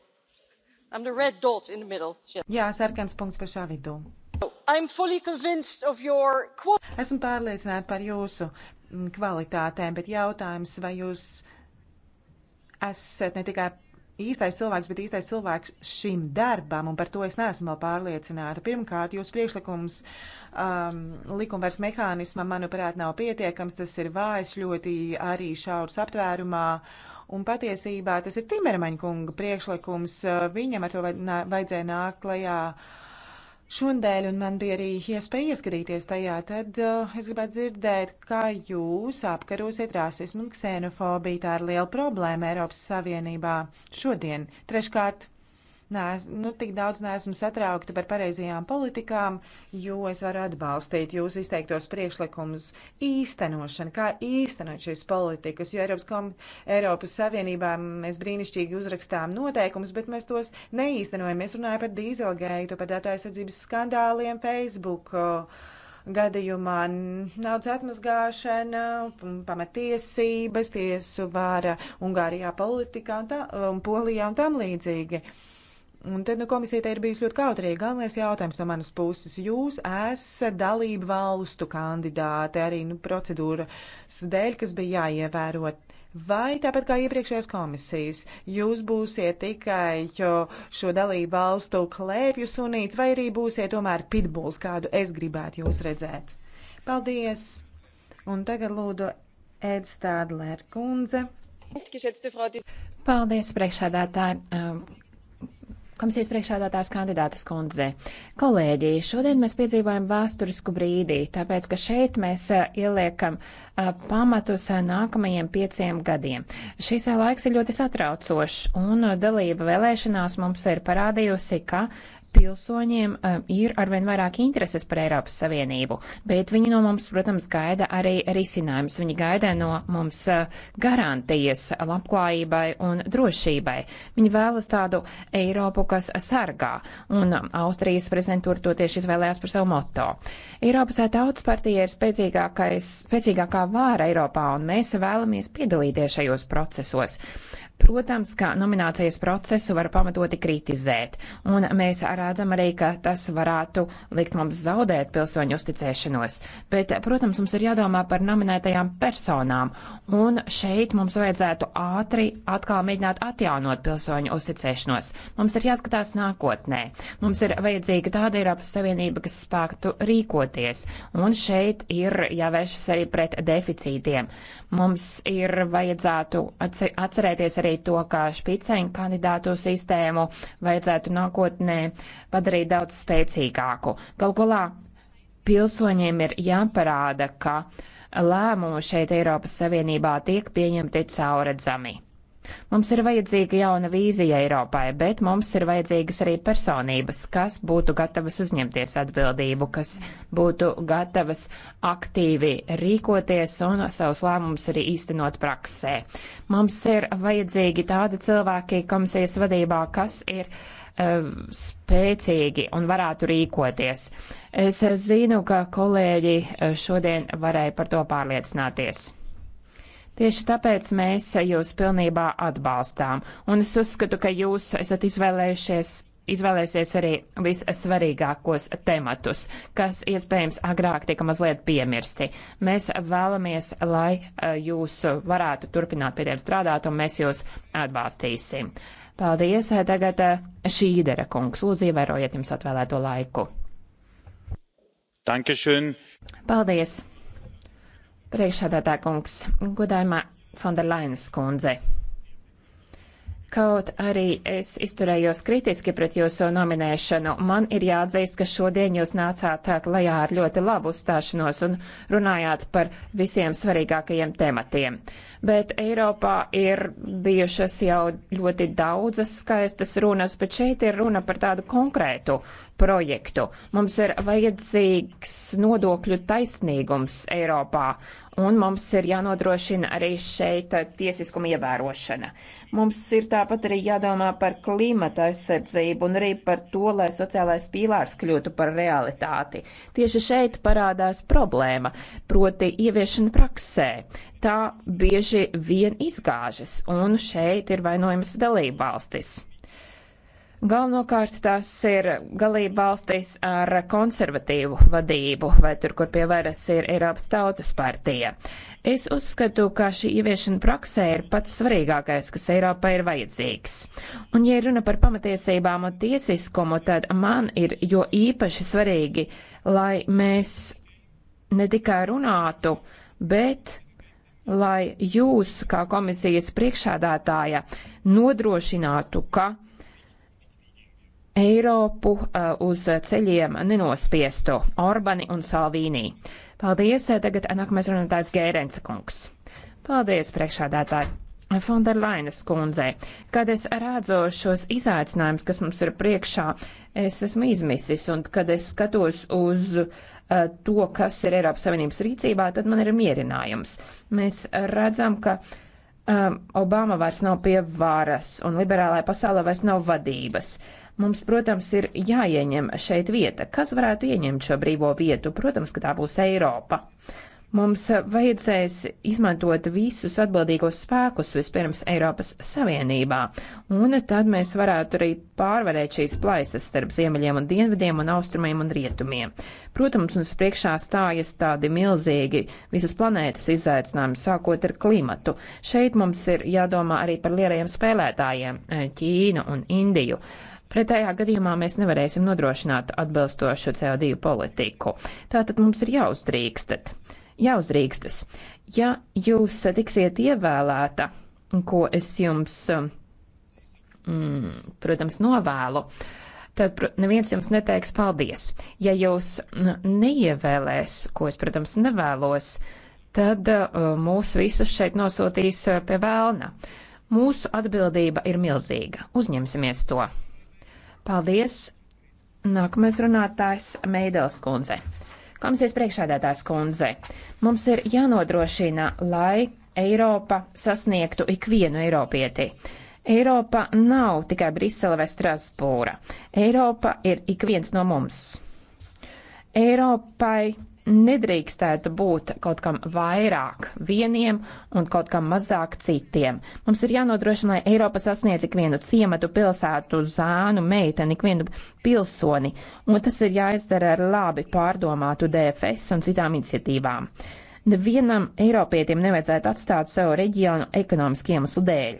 I'm the red dot in the middle. Jā, sarkans punkts pašā vidū. Your... Esmu pārliecināta par jūsu mm, kvalitātēm, bet jautājums, vai jūs esat ne tikai īstais cilvēks, bet īstais cilvēks šim darbam, un par to es neesmu vēl pārliecināta. Pirmkārt, jūsu priekšlikums um, likumvairs mehānismam, manuprāt, nav pietiekams, tas ir vājs ļoti arī šaurs aptvērumā. Uh, Un patiesībā tas ir Timermaņa kunga priekšlikums. Eh, Viņam ar to vajadzēja nākt klajā šundēļ, un man bija arī iespēja ieskatīties tajā. Tad uh, es gribētu dzirdēt, kā jūs apkarosiet rasismu un ksenofobiju. Tā ir liela problēma Eiropas Savienībā šodien. Treškārt nē, nu, tik daudz neesmu satraukta par pareizajām politikām, jo es varu atbalstīt jūs izteiktos priekšlikumus īstenošanu, kā īstenot šīs politikas, jo Eiropas, kom, Eiropas Savienībā mēs brīnišķīgi uzrakstām noteikumus, bet mēs tos neīstenojam. Es runāju par dīzelgeitu, par datu aizsardzības skandāliem Facebook. Uh, gadījumā naudas atmazgāšana, pamatiesības, tiesu vara Ungārijā politikā un, tā, un Polijā un tam līdzīgi. Uh, Un tad nu, komisija te ir bijusi ļoti kautrīga. Galvenais jautājums no manas puses - jūs esat dalību valstu kandidāte arī nu, procedūras dēļ, kas bija jāievēro. Vai tāpat kā iepriekšējās komisijas, jūs būsiet tikai šo dalību valstu klēpju sunīts, vai arī būsiet tomēr pitbulls, kādu es gribētu jūs redzēt? Paldies! Un tagad lūdzu Ed Stādler kundze. Paldies, priekšādātāji! komisijas priekšādātās kandidātas kundze. Kolēģi, šodien mēs piedzīvojam vēsturisku brīdī, tāpēc, ka šeit mēs ieliekam pamatus nākamajiem pieciem gadiem. Šīs laiks ir ļoti satraucošs, un dalība vēlēšanās mums ir parādījusi, ka pilsoņiem eh, ir arvien vairāk intereses par Eiropas Savienību, bet viņi no mums, protams, gaida arī risinājumus. Viņi gaida no mums eh, garantijas labklājībai un drošībai. Viņi vēlas tādu Eiropu, kas sargā, un Austrijas prezidentūra to tieši izvēlējās par savu moto. Eiropas tautas partija ir spēcīgākā vāra Eiropā, un mēs vēlamies piedalīties šajos procesos. Protams, ka nominācijas procesu var pamatoti kritizēt, un mēs rādzam arī, ka tas varētu likt mums zaudēt pilsoņu uzticēšanos. Bet, protams, mums ir jādomā par nominētajām personām, un šeit mums vajadzētu ātri atkal mēģināt atjaunot pilsoņu uzticēšanos. Mums ir jāskatās nākotnē. Mums ir vajadzīga tāda Eiropas Savienība, kas spētu rīkoties, un šeit ir jāvēršas arī pret deficītiem. Mums ir vajadzētu atcerēties arī piekrīt to, ka špiceņu kandidātu sistēmu vajadzētu nākotnē padarīt daudz spēcīgāku. Galu galā pilsoņiem ir jāparāda, ka lēmumi šeit Eiropas Savienībā tiek pieņemti cauredzami. Mums ir vajadzīga jauna vīzija Eiropai, bet mums ir vajadzīgas arī personības, kas būtu gatavas uzņemties atbildību, kas būtu gatavas aktīvi rīkoties un savus lēmumus arī īstenot praksē. Mums ir vajadzīgi tādi cilvēki komisijas vadībā, kas ir uh, spēcīgi un varētu rīkoties. Es zinu, ka kolēģi eh, šodien varēja par to pārliecināties. Tieši tāpēc mēs jūs pilnībā atbalstām, un es uzskatu, ka jūs esat izvēlējušies izvēlēsies arī vissvarīgākos tematus, kas iespējams agrāk tika mazliet piemirsti. Mēs vēlamies, lai eh, jūs varētu turpināt pie tiem strādāt, un mēs jūs atbalstīsim. Paldies, eh, tagad eh, šī īdera kungs. Lūdzu, ievērojiet jums atvēlēto laiku. Dankeschön. Paldies. Priekšādātā kungs, godājumā Fonderlainas kundze. Kaut arī es izturējos kritiski pret jūsu nominēšanu, man ir jāatzīst, ka šodien jūs nācāt klajā ar ļoti labu uzstāšanos un runājāt par visiem svarīgākajiem tematiem. Bet Eiropā ir bijušas jau ļoti daudzas skaistas runas, bet šeit ir runa par tādu konkrētu projektu. Mums ir vajadzīgs nodokļu taisnīgums Eiropā, un mums ir jānodrošina arī šeit tiesiskuma ievērošana. Mums ir tāpat arī jādomā par klimata aizsardzību un arī par to, lai sociālais pīlārs kļūtu par realitāti. Tieši šeit parādās problēma, proti ieviešana praksē. Tā bieži vien izgāžas, un šeit ir vainojums dalību valstis. Galvenokārt tās ir galība valstīs ar konservatīvu vadību, vai tur, kur pie varas ir Eiropas Tautas partija. Es uzskatu, ka šī ieviešana praksē ir pats svarīgākais, kas Eiropā ir vajadzīgs. Un, ja runa par pamatiesībām un tiesiskumu, tad man ir jo īpaši svarīgi, lai mēs ne tikai runātu, bet lai jūs, kā komisijas priekšādātāja, nodrošinātu, ka Eiropu uh, uz ceļiem nenospiestu Orbani un Salvīnī. Paldies, uh, tagad nākamais runātājs Gērens kungs. Paldies, priekšādātāji! Fonderlainas kundzei, kad es redzu šos izaicinājumus, kas mums ir priekšā, es esmu izmisis, un kad es skatos uz uh, to, kas ir Eiropas Savienības rīcībā, tad man ir mierinājums. Mēs redzam, ka um, Obama vairs nav pie varas, un liberālajā pasaulē vairs nav vadības. Uh, Mums, protams, ir jāieņem šeit vieta. Kas varētu ieņemt šo brīvo vietu? Protams, ka tā būs Eiropa. Mums vajadzēs izmantot visus atbildīgos spēkus vispirms Eiropas Savienībā, un tad mēs varētu arī pārvarēt šīs plaisas starp ziemeļiem un dienvidiem un austrumiem un rietumiem. Protams, mums priekšā stājas tādi milzīgi visas planētas izaicinājumi, sākot ar klimatu. Šeit mums ir jādomā arī par lielajiem spēlētājiem - Ķīnu un Indiju. Uh, Pretējā gadījumā mēs nevarēsim nodrošināt atbilstošu CO2 politiku. Tātad mums ir jāuzdrīkstat. Jāuzdrīkstas. Ja jūs tiksiet ievēlēta, ko es jums, mm, protams, novēlu, tad neviens jums neteiks paldies. Ja jūs neievēlēs, ko es, protams, nevēlos, tad uh, mūs visus šeit nosūtīs uh, pie vēlna. Mūsu atbildība ir milzīga. Uzņemsimies to! Paldies! Nākamais runātājs Meidels kundze. Komisijas priekšādātājs kundze. Mums ir jānodrošina, lai Eiropa sasniegtu ikvienu Eiropieti. Eiropa nav tikai Brisele vai Strasbūra. Eiropa ir ik viens no mums. Eiropai nedrīkstētu būt kaut kam vairāk vieniem un kaut kam mazāk citiem. Mums ir jānodrošina, lai Eiropa sasniedz ikvienu ciematu, pilsētu, zānu, meiteni, ikvienu pilsoni, un tas ir jāizdara ar labi pārdomātu DFS un citām iniciatīvām. Nevienam Eiropietim nevajadzētu atstāt savu reģionu ekonomiskiem iemeslu dēļ.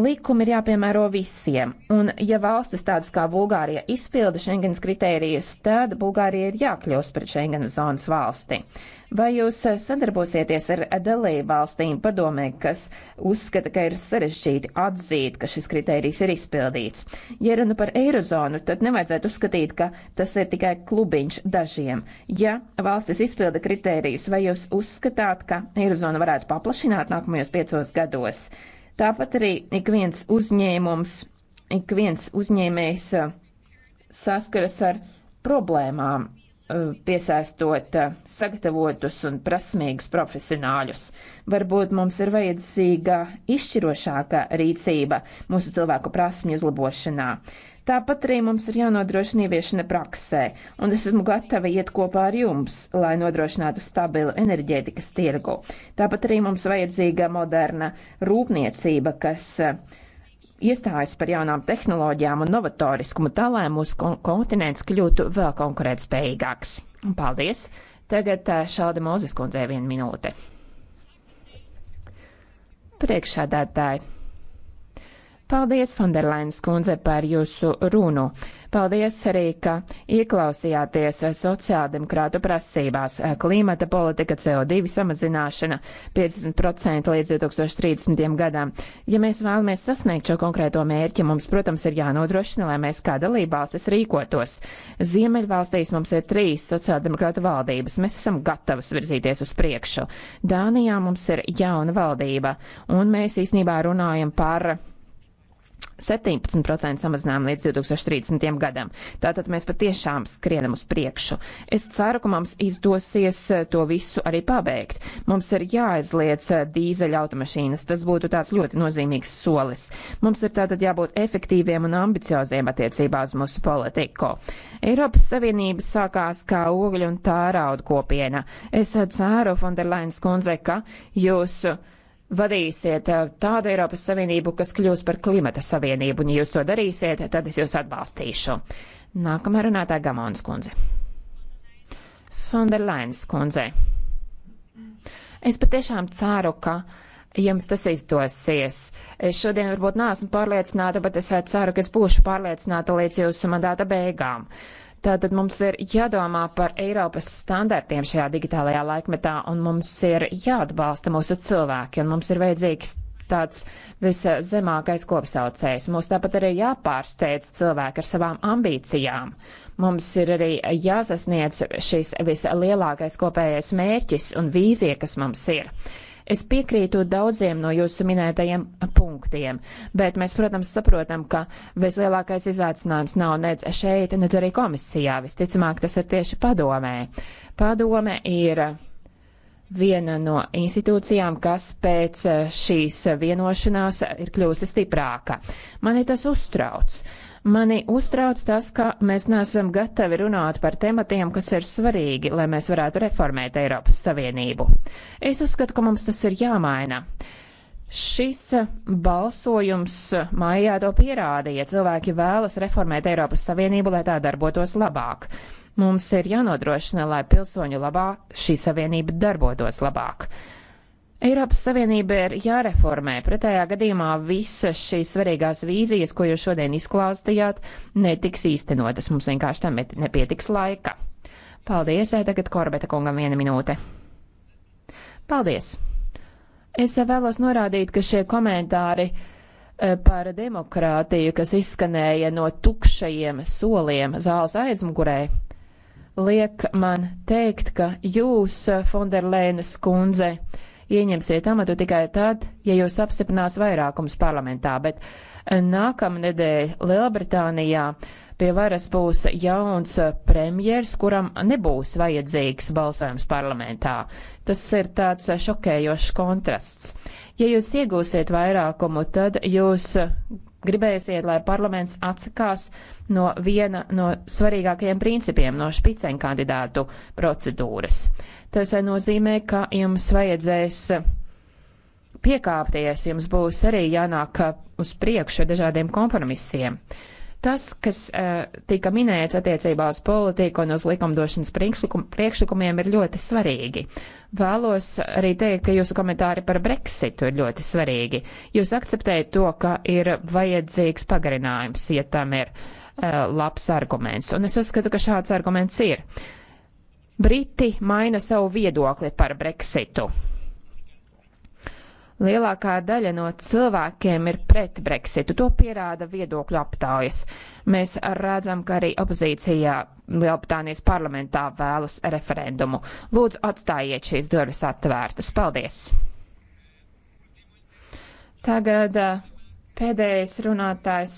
Likumi ir jāpiemēro visiem, un ja valstis tādas kā Bulgārija izpilda Schengens kritērijus, tad Bulgārija ir jākļūst par Schengen zonas valsti. Vai jūs eh, sadarbosieties ar dalību valstīm padomē, kas uzskata, ka ir sarežģīti atzīt, ka šis kritērijs ir izpildīts? Ja runa par eirozonu, tad nevajadzētu uzskatīt, ka tas ir tikai klubiņš dažiem. Ja valstis izpilda kritērijus, vai jūs uzskatāt, ka eirozona varētu paplašināt nākamajos piecos gados? Tāpat arī ik viens uzņēmums, ik viens uzņēmējs uh, saskaras ar problēmām, uh, piesaistot uh, sagatavotus un prasmīgus profesionāļus. Varbūt mums ir vajadzīga izšķirošāka rīcība mūsu cilvēku prasmju uzlabošanā. Tāpat arī mums ir jānodrošina ieviešana praksē, un es esmu gatava iet kopā ar jums, lai nodrošinātu stabilu enerģētikas tirgu. Tāpat arī mums vajadzīga moderna rūpniecība, kas eh, iestājas par jaunām tehnoloģijām un novatoriskumu, tā lai mūsu kontinents kļūtu vēl konkurētspējīgāks. Paldies! Tagad eh, šāda Mozes kundzei viena minūte. Priekšādātāji! Paldies, Fanderlainas kundze, par jūsu runu. Paldies arī, ka ieklausījāties sociāldemokrātu prasībās. Klimata politika, CO2 samazināšana 50% līdz 2030. gadam. Ja mēs vēlamies sasniegt šo konkrēto mērķi, mums, protams, ir jānodrošina, lai mēs kā dalībvalstis rīkotos. Ziemeļvalstīs mums ir trīs sociāldemokrātu valdības. Mēs esam gatavas virzīties uz priekšu. Dānijā mums ir jauna valdība, un mēs īsnībā runājam par 17% samazinām līdz 2030. gadam. Tātad mēs patiešām skrienam uz priekšu. Es ceru, ka mums izdosies eh, to visu arī pabeigt. Mums ir jāaizliec eh, dīzeļa automašīnas. Tas būtu tāds ļoti nozīmīgs solis. Mums ir tātad jābūt efektīviem un ambicioziem attiecībā uz mūsu politiku. Eiropas Savienība sākās kā ogļu un tāraudu kopiena. Es eh, ceru, Fonderlainas kundze, ka jūs uh, vadīsiet eh, tādu Eiropas Savienību, kas kļūs par klimata savienību, un ja jūs to darīsiet, tad es jūs atbalstīšu. Nākamā runātāja Gamons kundze. Fonderlainas kundze. Es patiešām ceru, ka jums tas izdosies. Es šodien varbūt neesmu pārliecināta, bet es eh, ceru, ka es būšu pārliecināta līdz jūsu mandāta beigām. Uh, Tātad mums ir jādomā par Eiropas standartiem šajā digitālajā laikmetā, un mums ir jāatbalsta mūsu cilvēki, un mums ir vajadzīgs tāds viszemākais kopsaucējs. Mums tāpat arī jāpārsteidz cilvēki ar savām ambīcijām. Mums ir arī jāsasniedz šis vislielākais kopējais mērķis un vīzija, kas mums ir. Es piekrītu daudziem no jūsu minētajiem punktiem, bet mēs, protams, saprotam, ka vislielākais izaicinājums nav nedz šeit, nedz arī komisijā. Visticamāk, tas ir tieši padomē. Padome ir viena no institūcijām, kas pēc šīs vienošanās ir kļūsi stiprāka. Mani tas uztrauc. Mani uztrauc tas, ka mēs neesam gatavi runāt par tematiem, kas ir svarīgi, lai mēs varētu reformēt Eiropas Savienību. Es uzskatu, ka mums tas ir jāmaina. Šis balsojums maijā to pierādīja. Cilvēki vēlas reformēt Eiropas Savienību, lai tā darbotos labāk. Mums ir jānodrošina, lai pilsoņu labā šī savienība darbotos labāk. Eiropas Savienība ir jāreformē. Pretējā gadījumā visas šīs svarīgās vīzijas, ko jūs šodien izklāstījāt, netiks īstenotas. Mums vienkārši tam nepietiks laika. Paldies, eh, tagad Korbeta kungam viena minūte. Paldies! Es vēlos norādīt, ka šie komentāri eh, par demokrātiju, kas izskanēja no tukšajiem soliem zāles aizmugurē, liek man teikt, ka jūs, eh, Fonderlēnas kundze, ieņemsiet amatu tikai tad, ja jūs apstiprinās vairākums parlamentā, bet eh, nākamnedēļ Lielbritānijā pie varas būs jauns eh, premjers, kuram nebūs vajadzīgs balsojums parlamentā. Tas ir tāds eh, šokējošs kontrasts. Ja jūs iegūsiet vairākumu, tad jūs gribēsiet, lai parlaments atsakās no viena no svarīgākajiem principiem, no špicēn kandidātu procedūras. Tas nozīmē, ka jums vajadzēs piekāpties, jums būs arī jānāk uz priekšu ar dažādiem kompromisiem. Tas, kas uh, tika minēts attiecībā uz politiku un uz likumdošanas priekšlikumiem, ir ļoti svarīgi. Vēlos arī teikt, ka jūsu komentāri par Brexitu ir ļoti svarīgi. Jūs akceptējat to, ka ir vajadzīgs pagarinājums, ja tam ir uh, labs arguments. Un es uzskatu, ka šāds arguments ir. Uh, Briti maina savu viedokli par Brexitu. Lielākā daļa no cilvēkiem ir pret Brexitu. To pierāda viedokļu aptaujas. Mēs redzam, ka arī opozīcijā Lielbritānijas parlamentā vēlas referendumu. Lūdzu, atstājiet šīs durvis atvērtas. Paldies! Tagad uh, pēdējais runātājs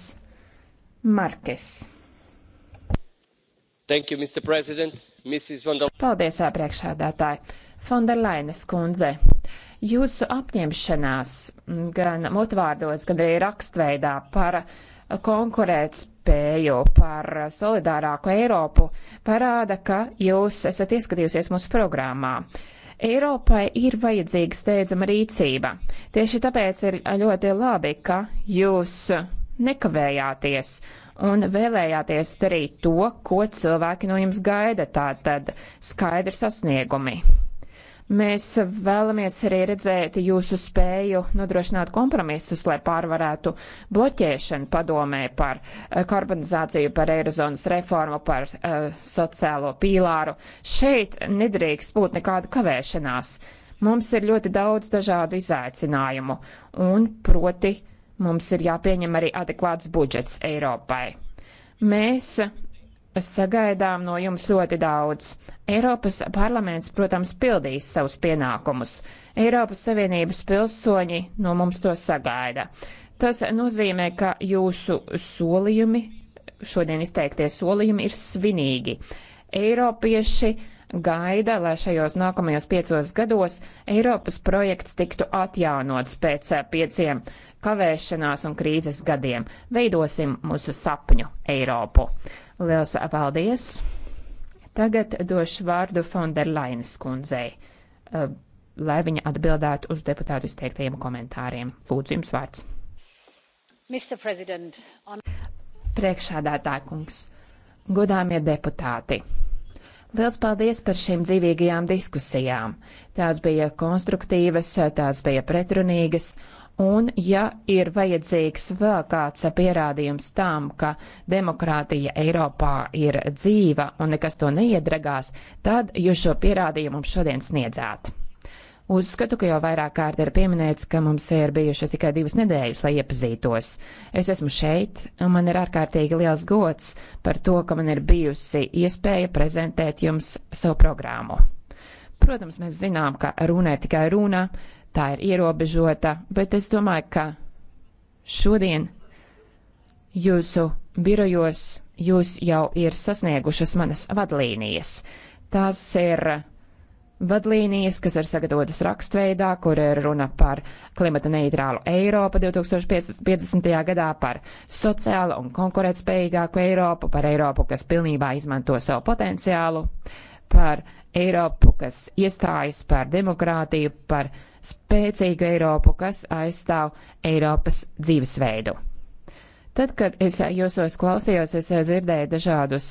Markes. Thank you, Mr. President. Paldies, ārpriekšādātāji! Fonderlainas kundze, jūsu apņemšanās gan motvārdos, gan arī rakstveidā par konkurētspēju, par solidārāku Eiropu parāda, ka jūs esat ieskatījusies mūsu programmā. Eiropai ir vajadzīga steidzama rīcība. Tieši tāpēc ir ļoti labi, ka jūs nekavējāties un vēlējāties darīt to, ko cilvēki no jums gaida, tātad skaidri sasniegumi. Mēs vēlamies arī redzēt jūsu spēju nodrošināt kompromisus, lai pārvarētu bloķēšanu padomē par eh, karbonizāciju, par eirozonas reformu, par uh, sociālo pīlāru. Šeit nedrīkst būt nekāda kavēšanās. Mums ir ļoti daudz dažādu izaicinājumu, un proti Mums ir jāpieņem arī adekvāts budžets Eiropai. Mēs sagaidām no jums ļoti daudz. Eiropas parlaments, protams, pildīs savus pienākumus. Eiropas Savienības pilsoņi no mums to sagaida. Tas nozīmē, ka jūsu solījumi, šodien izteiktie solījumi, ir svinīgi. Eiropieši gaida, lai šajos nākamajos piecos gados Eiropas projekts tiktu atjaunots pēc eh, pieciem kavēšanās un krīzes gadiem. Veidosim mūsu sapņu Eiropu. Liels paldies! Tagad došu vārdu Fonderlainas kundzei, eh, lai viņa atbildētu uz deputātu izteiktajiem komentāriem. Lūdzu, jums vārds. On... Priekšādātā kungs, godāmie deputāti! Liels paldies par šīm dzīvīgajām diskusijām. Tās bija konstruktīvas, tās bija pretrunīgas, un ja ir vajadzīgs vēl kāds pierādījums tam, ka demokrātija Eiropā ir dzīva un nekas to neiedragās, tad jūs šo pierādījumu mums šodien sniedzāt. Uzskatu, ka jau vairāk kārt ir pieminēts, ka mums ir bijušas tikai divas nedēļas, lai iepazītos. Es esmu šeit, un man ir ārkārtīgi liels gods par to, ka man ir bijusi iespēja prezentēt jums savu programmu. Protams, mēs zinām, ka runa ir tikai runa, tā ir ierobežota, bet es domāju, ka šodien jūsu birojos jūs jau ir sasniegušas manas vadlīnijas. Tās ir vadlīnijas, kas ir sagatavotas rakstveidā, kur ir runa par klimata neitrālu Eiropu 2050. gadā, par sociālu un konkurētspējīgāku Eiropu, par Eiropu, kas pilnībā izmanto savu potenciālu, par Eiropu, kas iestājas par demokrātiju, par spēcīgu Eiropu, kas aizstāv Eiropas dzīvesveidu. Tad, kad es jūsos klausījos, es dzirdēju dažādus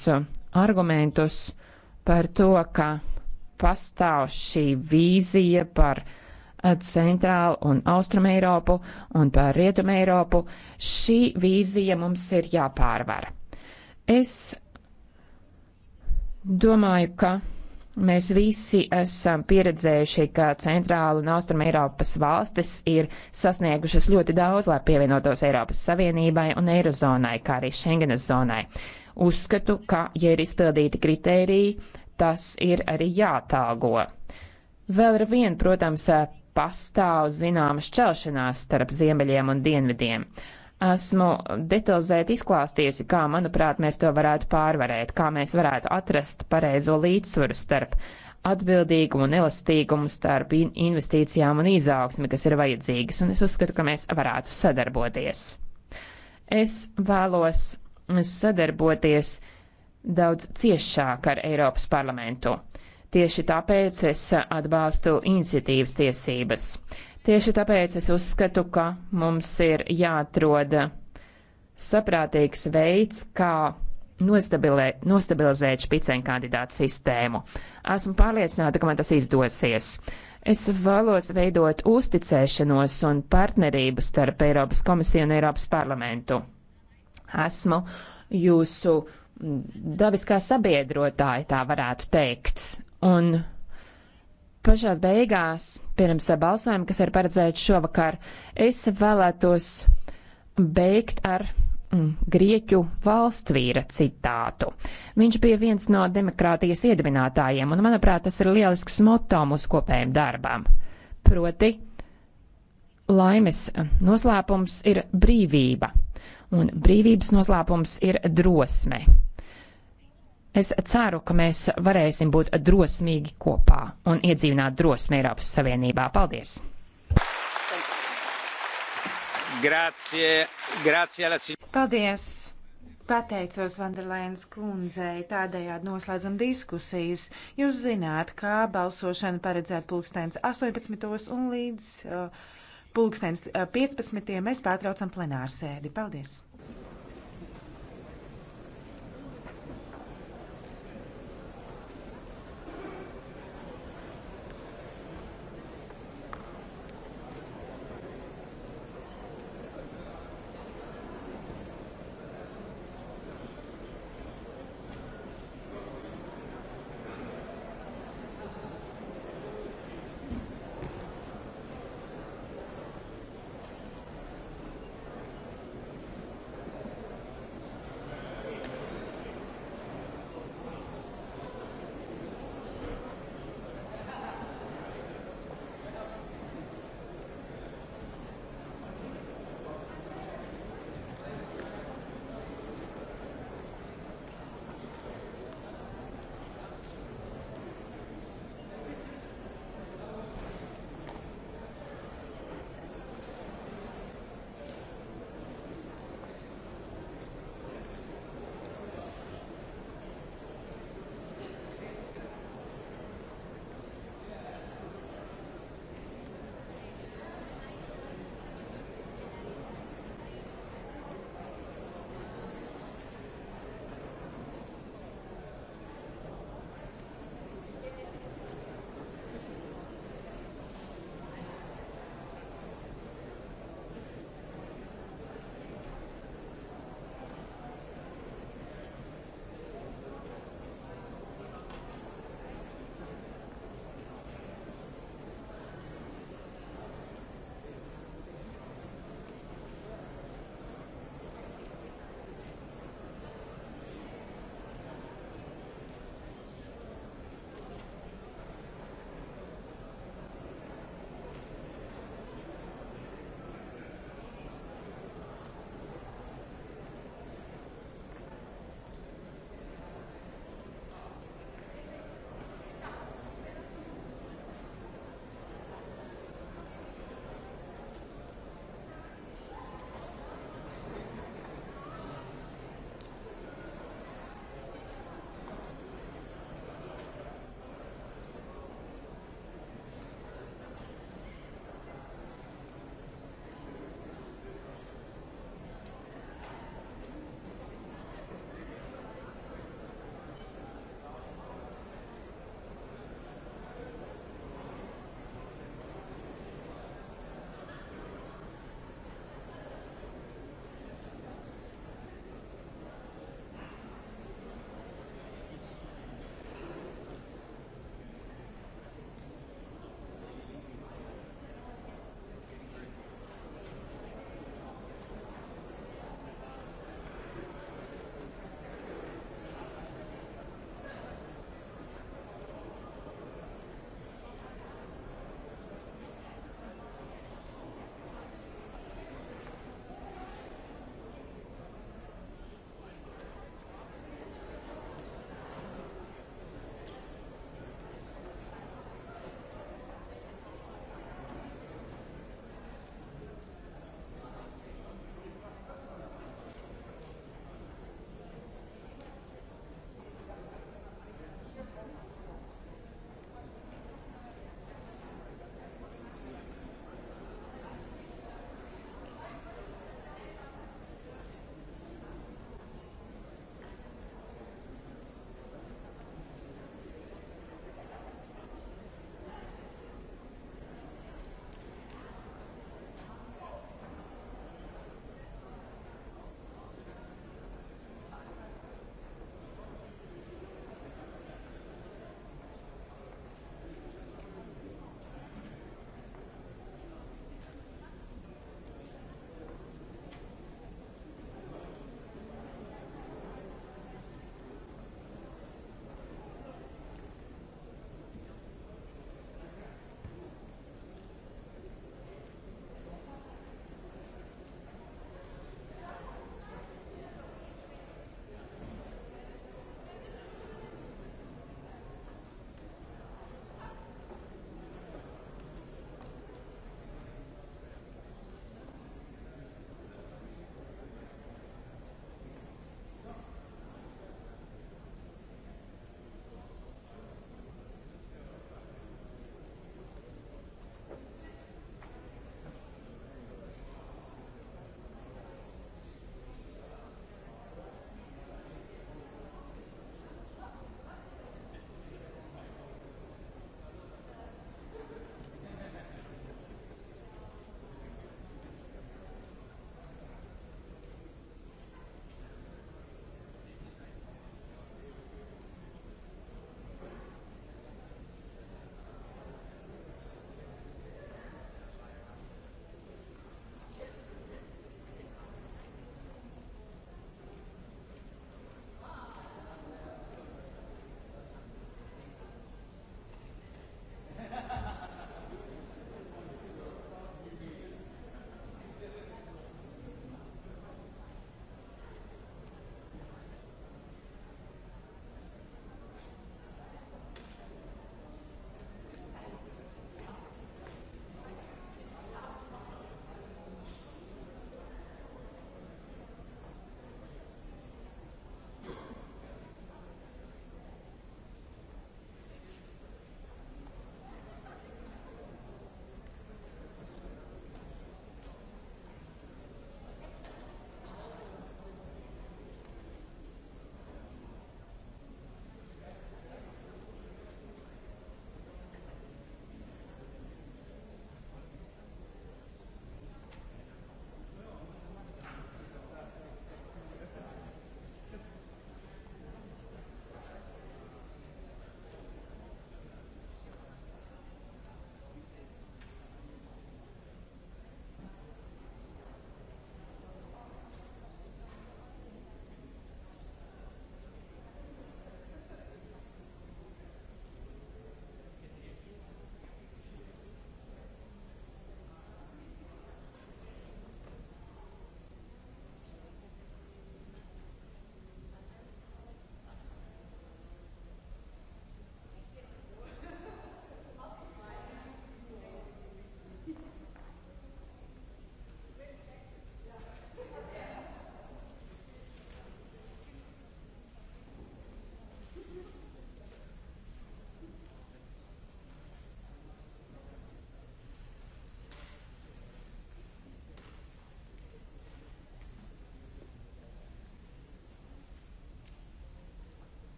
argumentus par to, ka pastāv šī vīzija par eh, centrālu un austrumu Eiropu un par rietumu Eiropu, šī vīzija mums ir jāpārvar. Es domāju, ka Mēs visi esam pieredzējuši, ka Centrāla un Austruma Eiropas valstis ir sasniegušas ļoti daudz, lai pievienotos Eiropas Savienībai un Eirozonai, kā arī Schengenas zonai. Uzskatu, ka, ja ir izpildīti kritēriji, tas ir arī jātāgo. Vēl ar vienu, protams, pastāv zināma šķelšanās starp ziemeļiem un dienvidiem. Esmu detalizēti izklāstījusi, kā, manuprāt, mēs to varētu pārvarēt, kā mēs varētu atrast pareizo līdzsvaru starp atbildīgumu un elastīgumu starp investīcijām un izaugsmi, kas ir vajadzīgas, un es uzskatu, ka mēs varētu sadarboties. Es vēlos sadarboties daudz ciešāk ar Eiropas parlamentu. Tieši tāpēc es atbalstu iniciatīvas tiesības. Tieši tāpēc es uzskatu, ka mums ir jāatrod saprātīgs veids, kā nostabilizēt špicēnu kandidātu sistēmu. Esmu pārliecināta, ka man tas izdosies. Es vēlos veidot uzticēšanos un partnerību starp Eiropas komisiju un Eiropas parlamentu. Esmu jūsu dabiskā sabiedrotāja, tā varētu teikt. Un pašās beigās, pirms balsojuma, kas ir paredzēts šovakar, es vēlētos beigt ar mm, grieķu valstvīra citātu. Viņš bija viens no demokrātijas iedibinātājiem, un, manuprāt, tas ir lielisks moto mūsu kopējiem darbām. Proti, laimes noslēpums ir brīvība un brīvības noslēpums ir drosme. Es ceru, ka mēs varēsim būt drosmīgi kopā un iedzīvināt drosmi Eiropas Savienībā. Paldies! Grazie, grazie la... Paldies! Pateicos Vanderlainas kundzei, tādējādi noslēdzam diskusijas. Jūs zināt, kā balsošana paredzēta pulkstens 18. un līdz uh, pulkstens 15. Eh, mēs pārtraucam plenārsēdi. Paldies!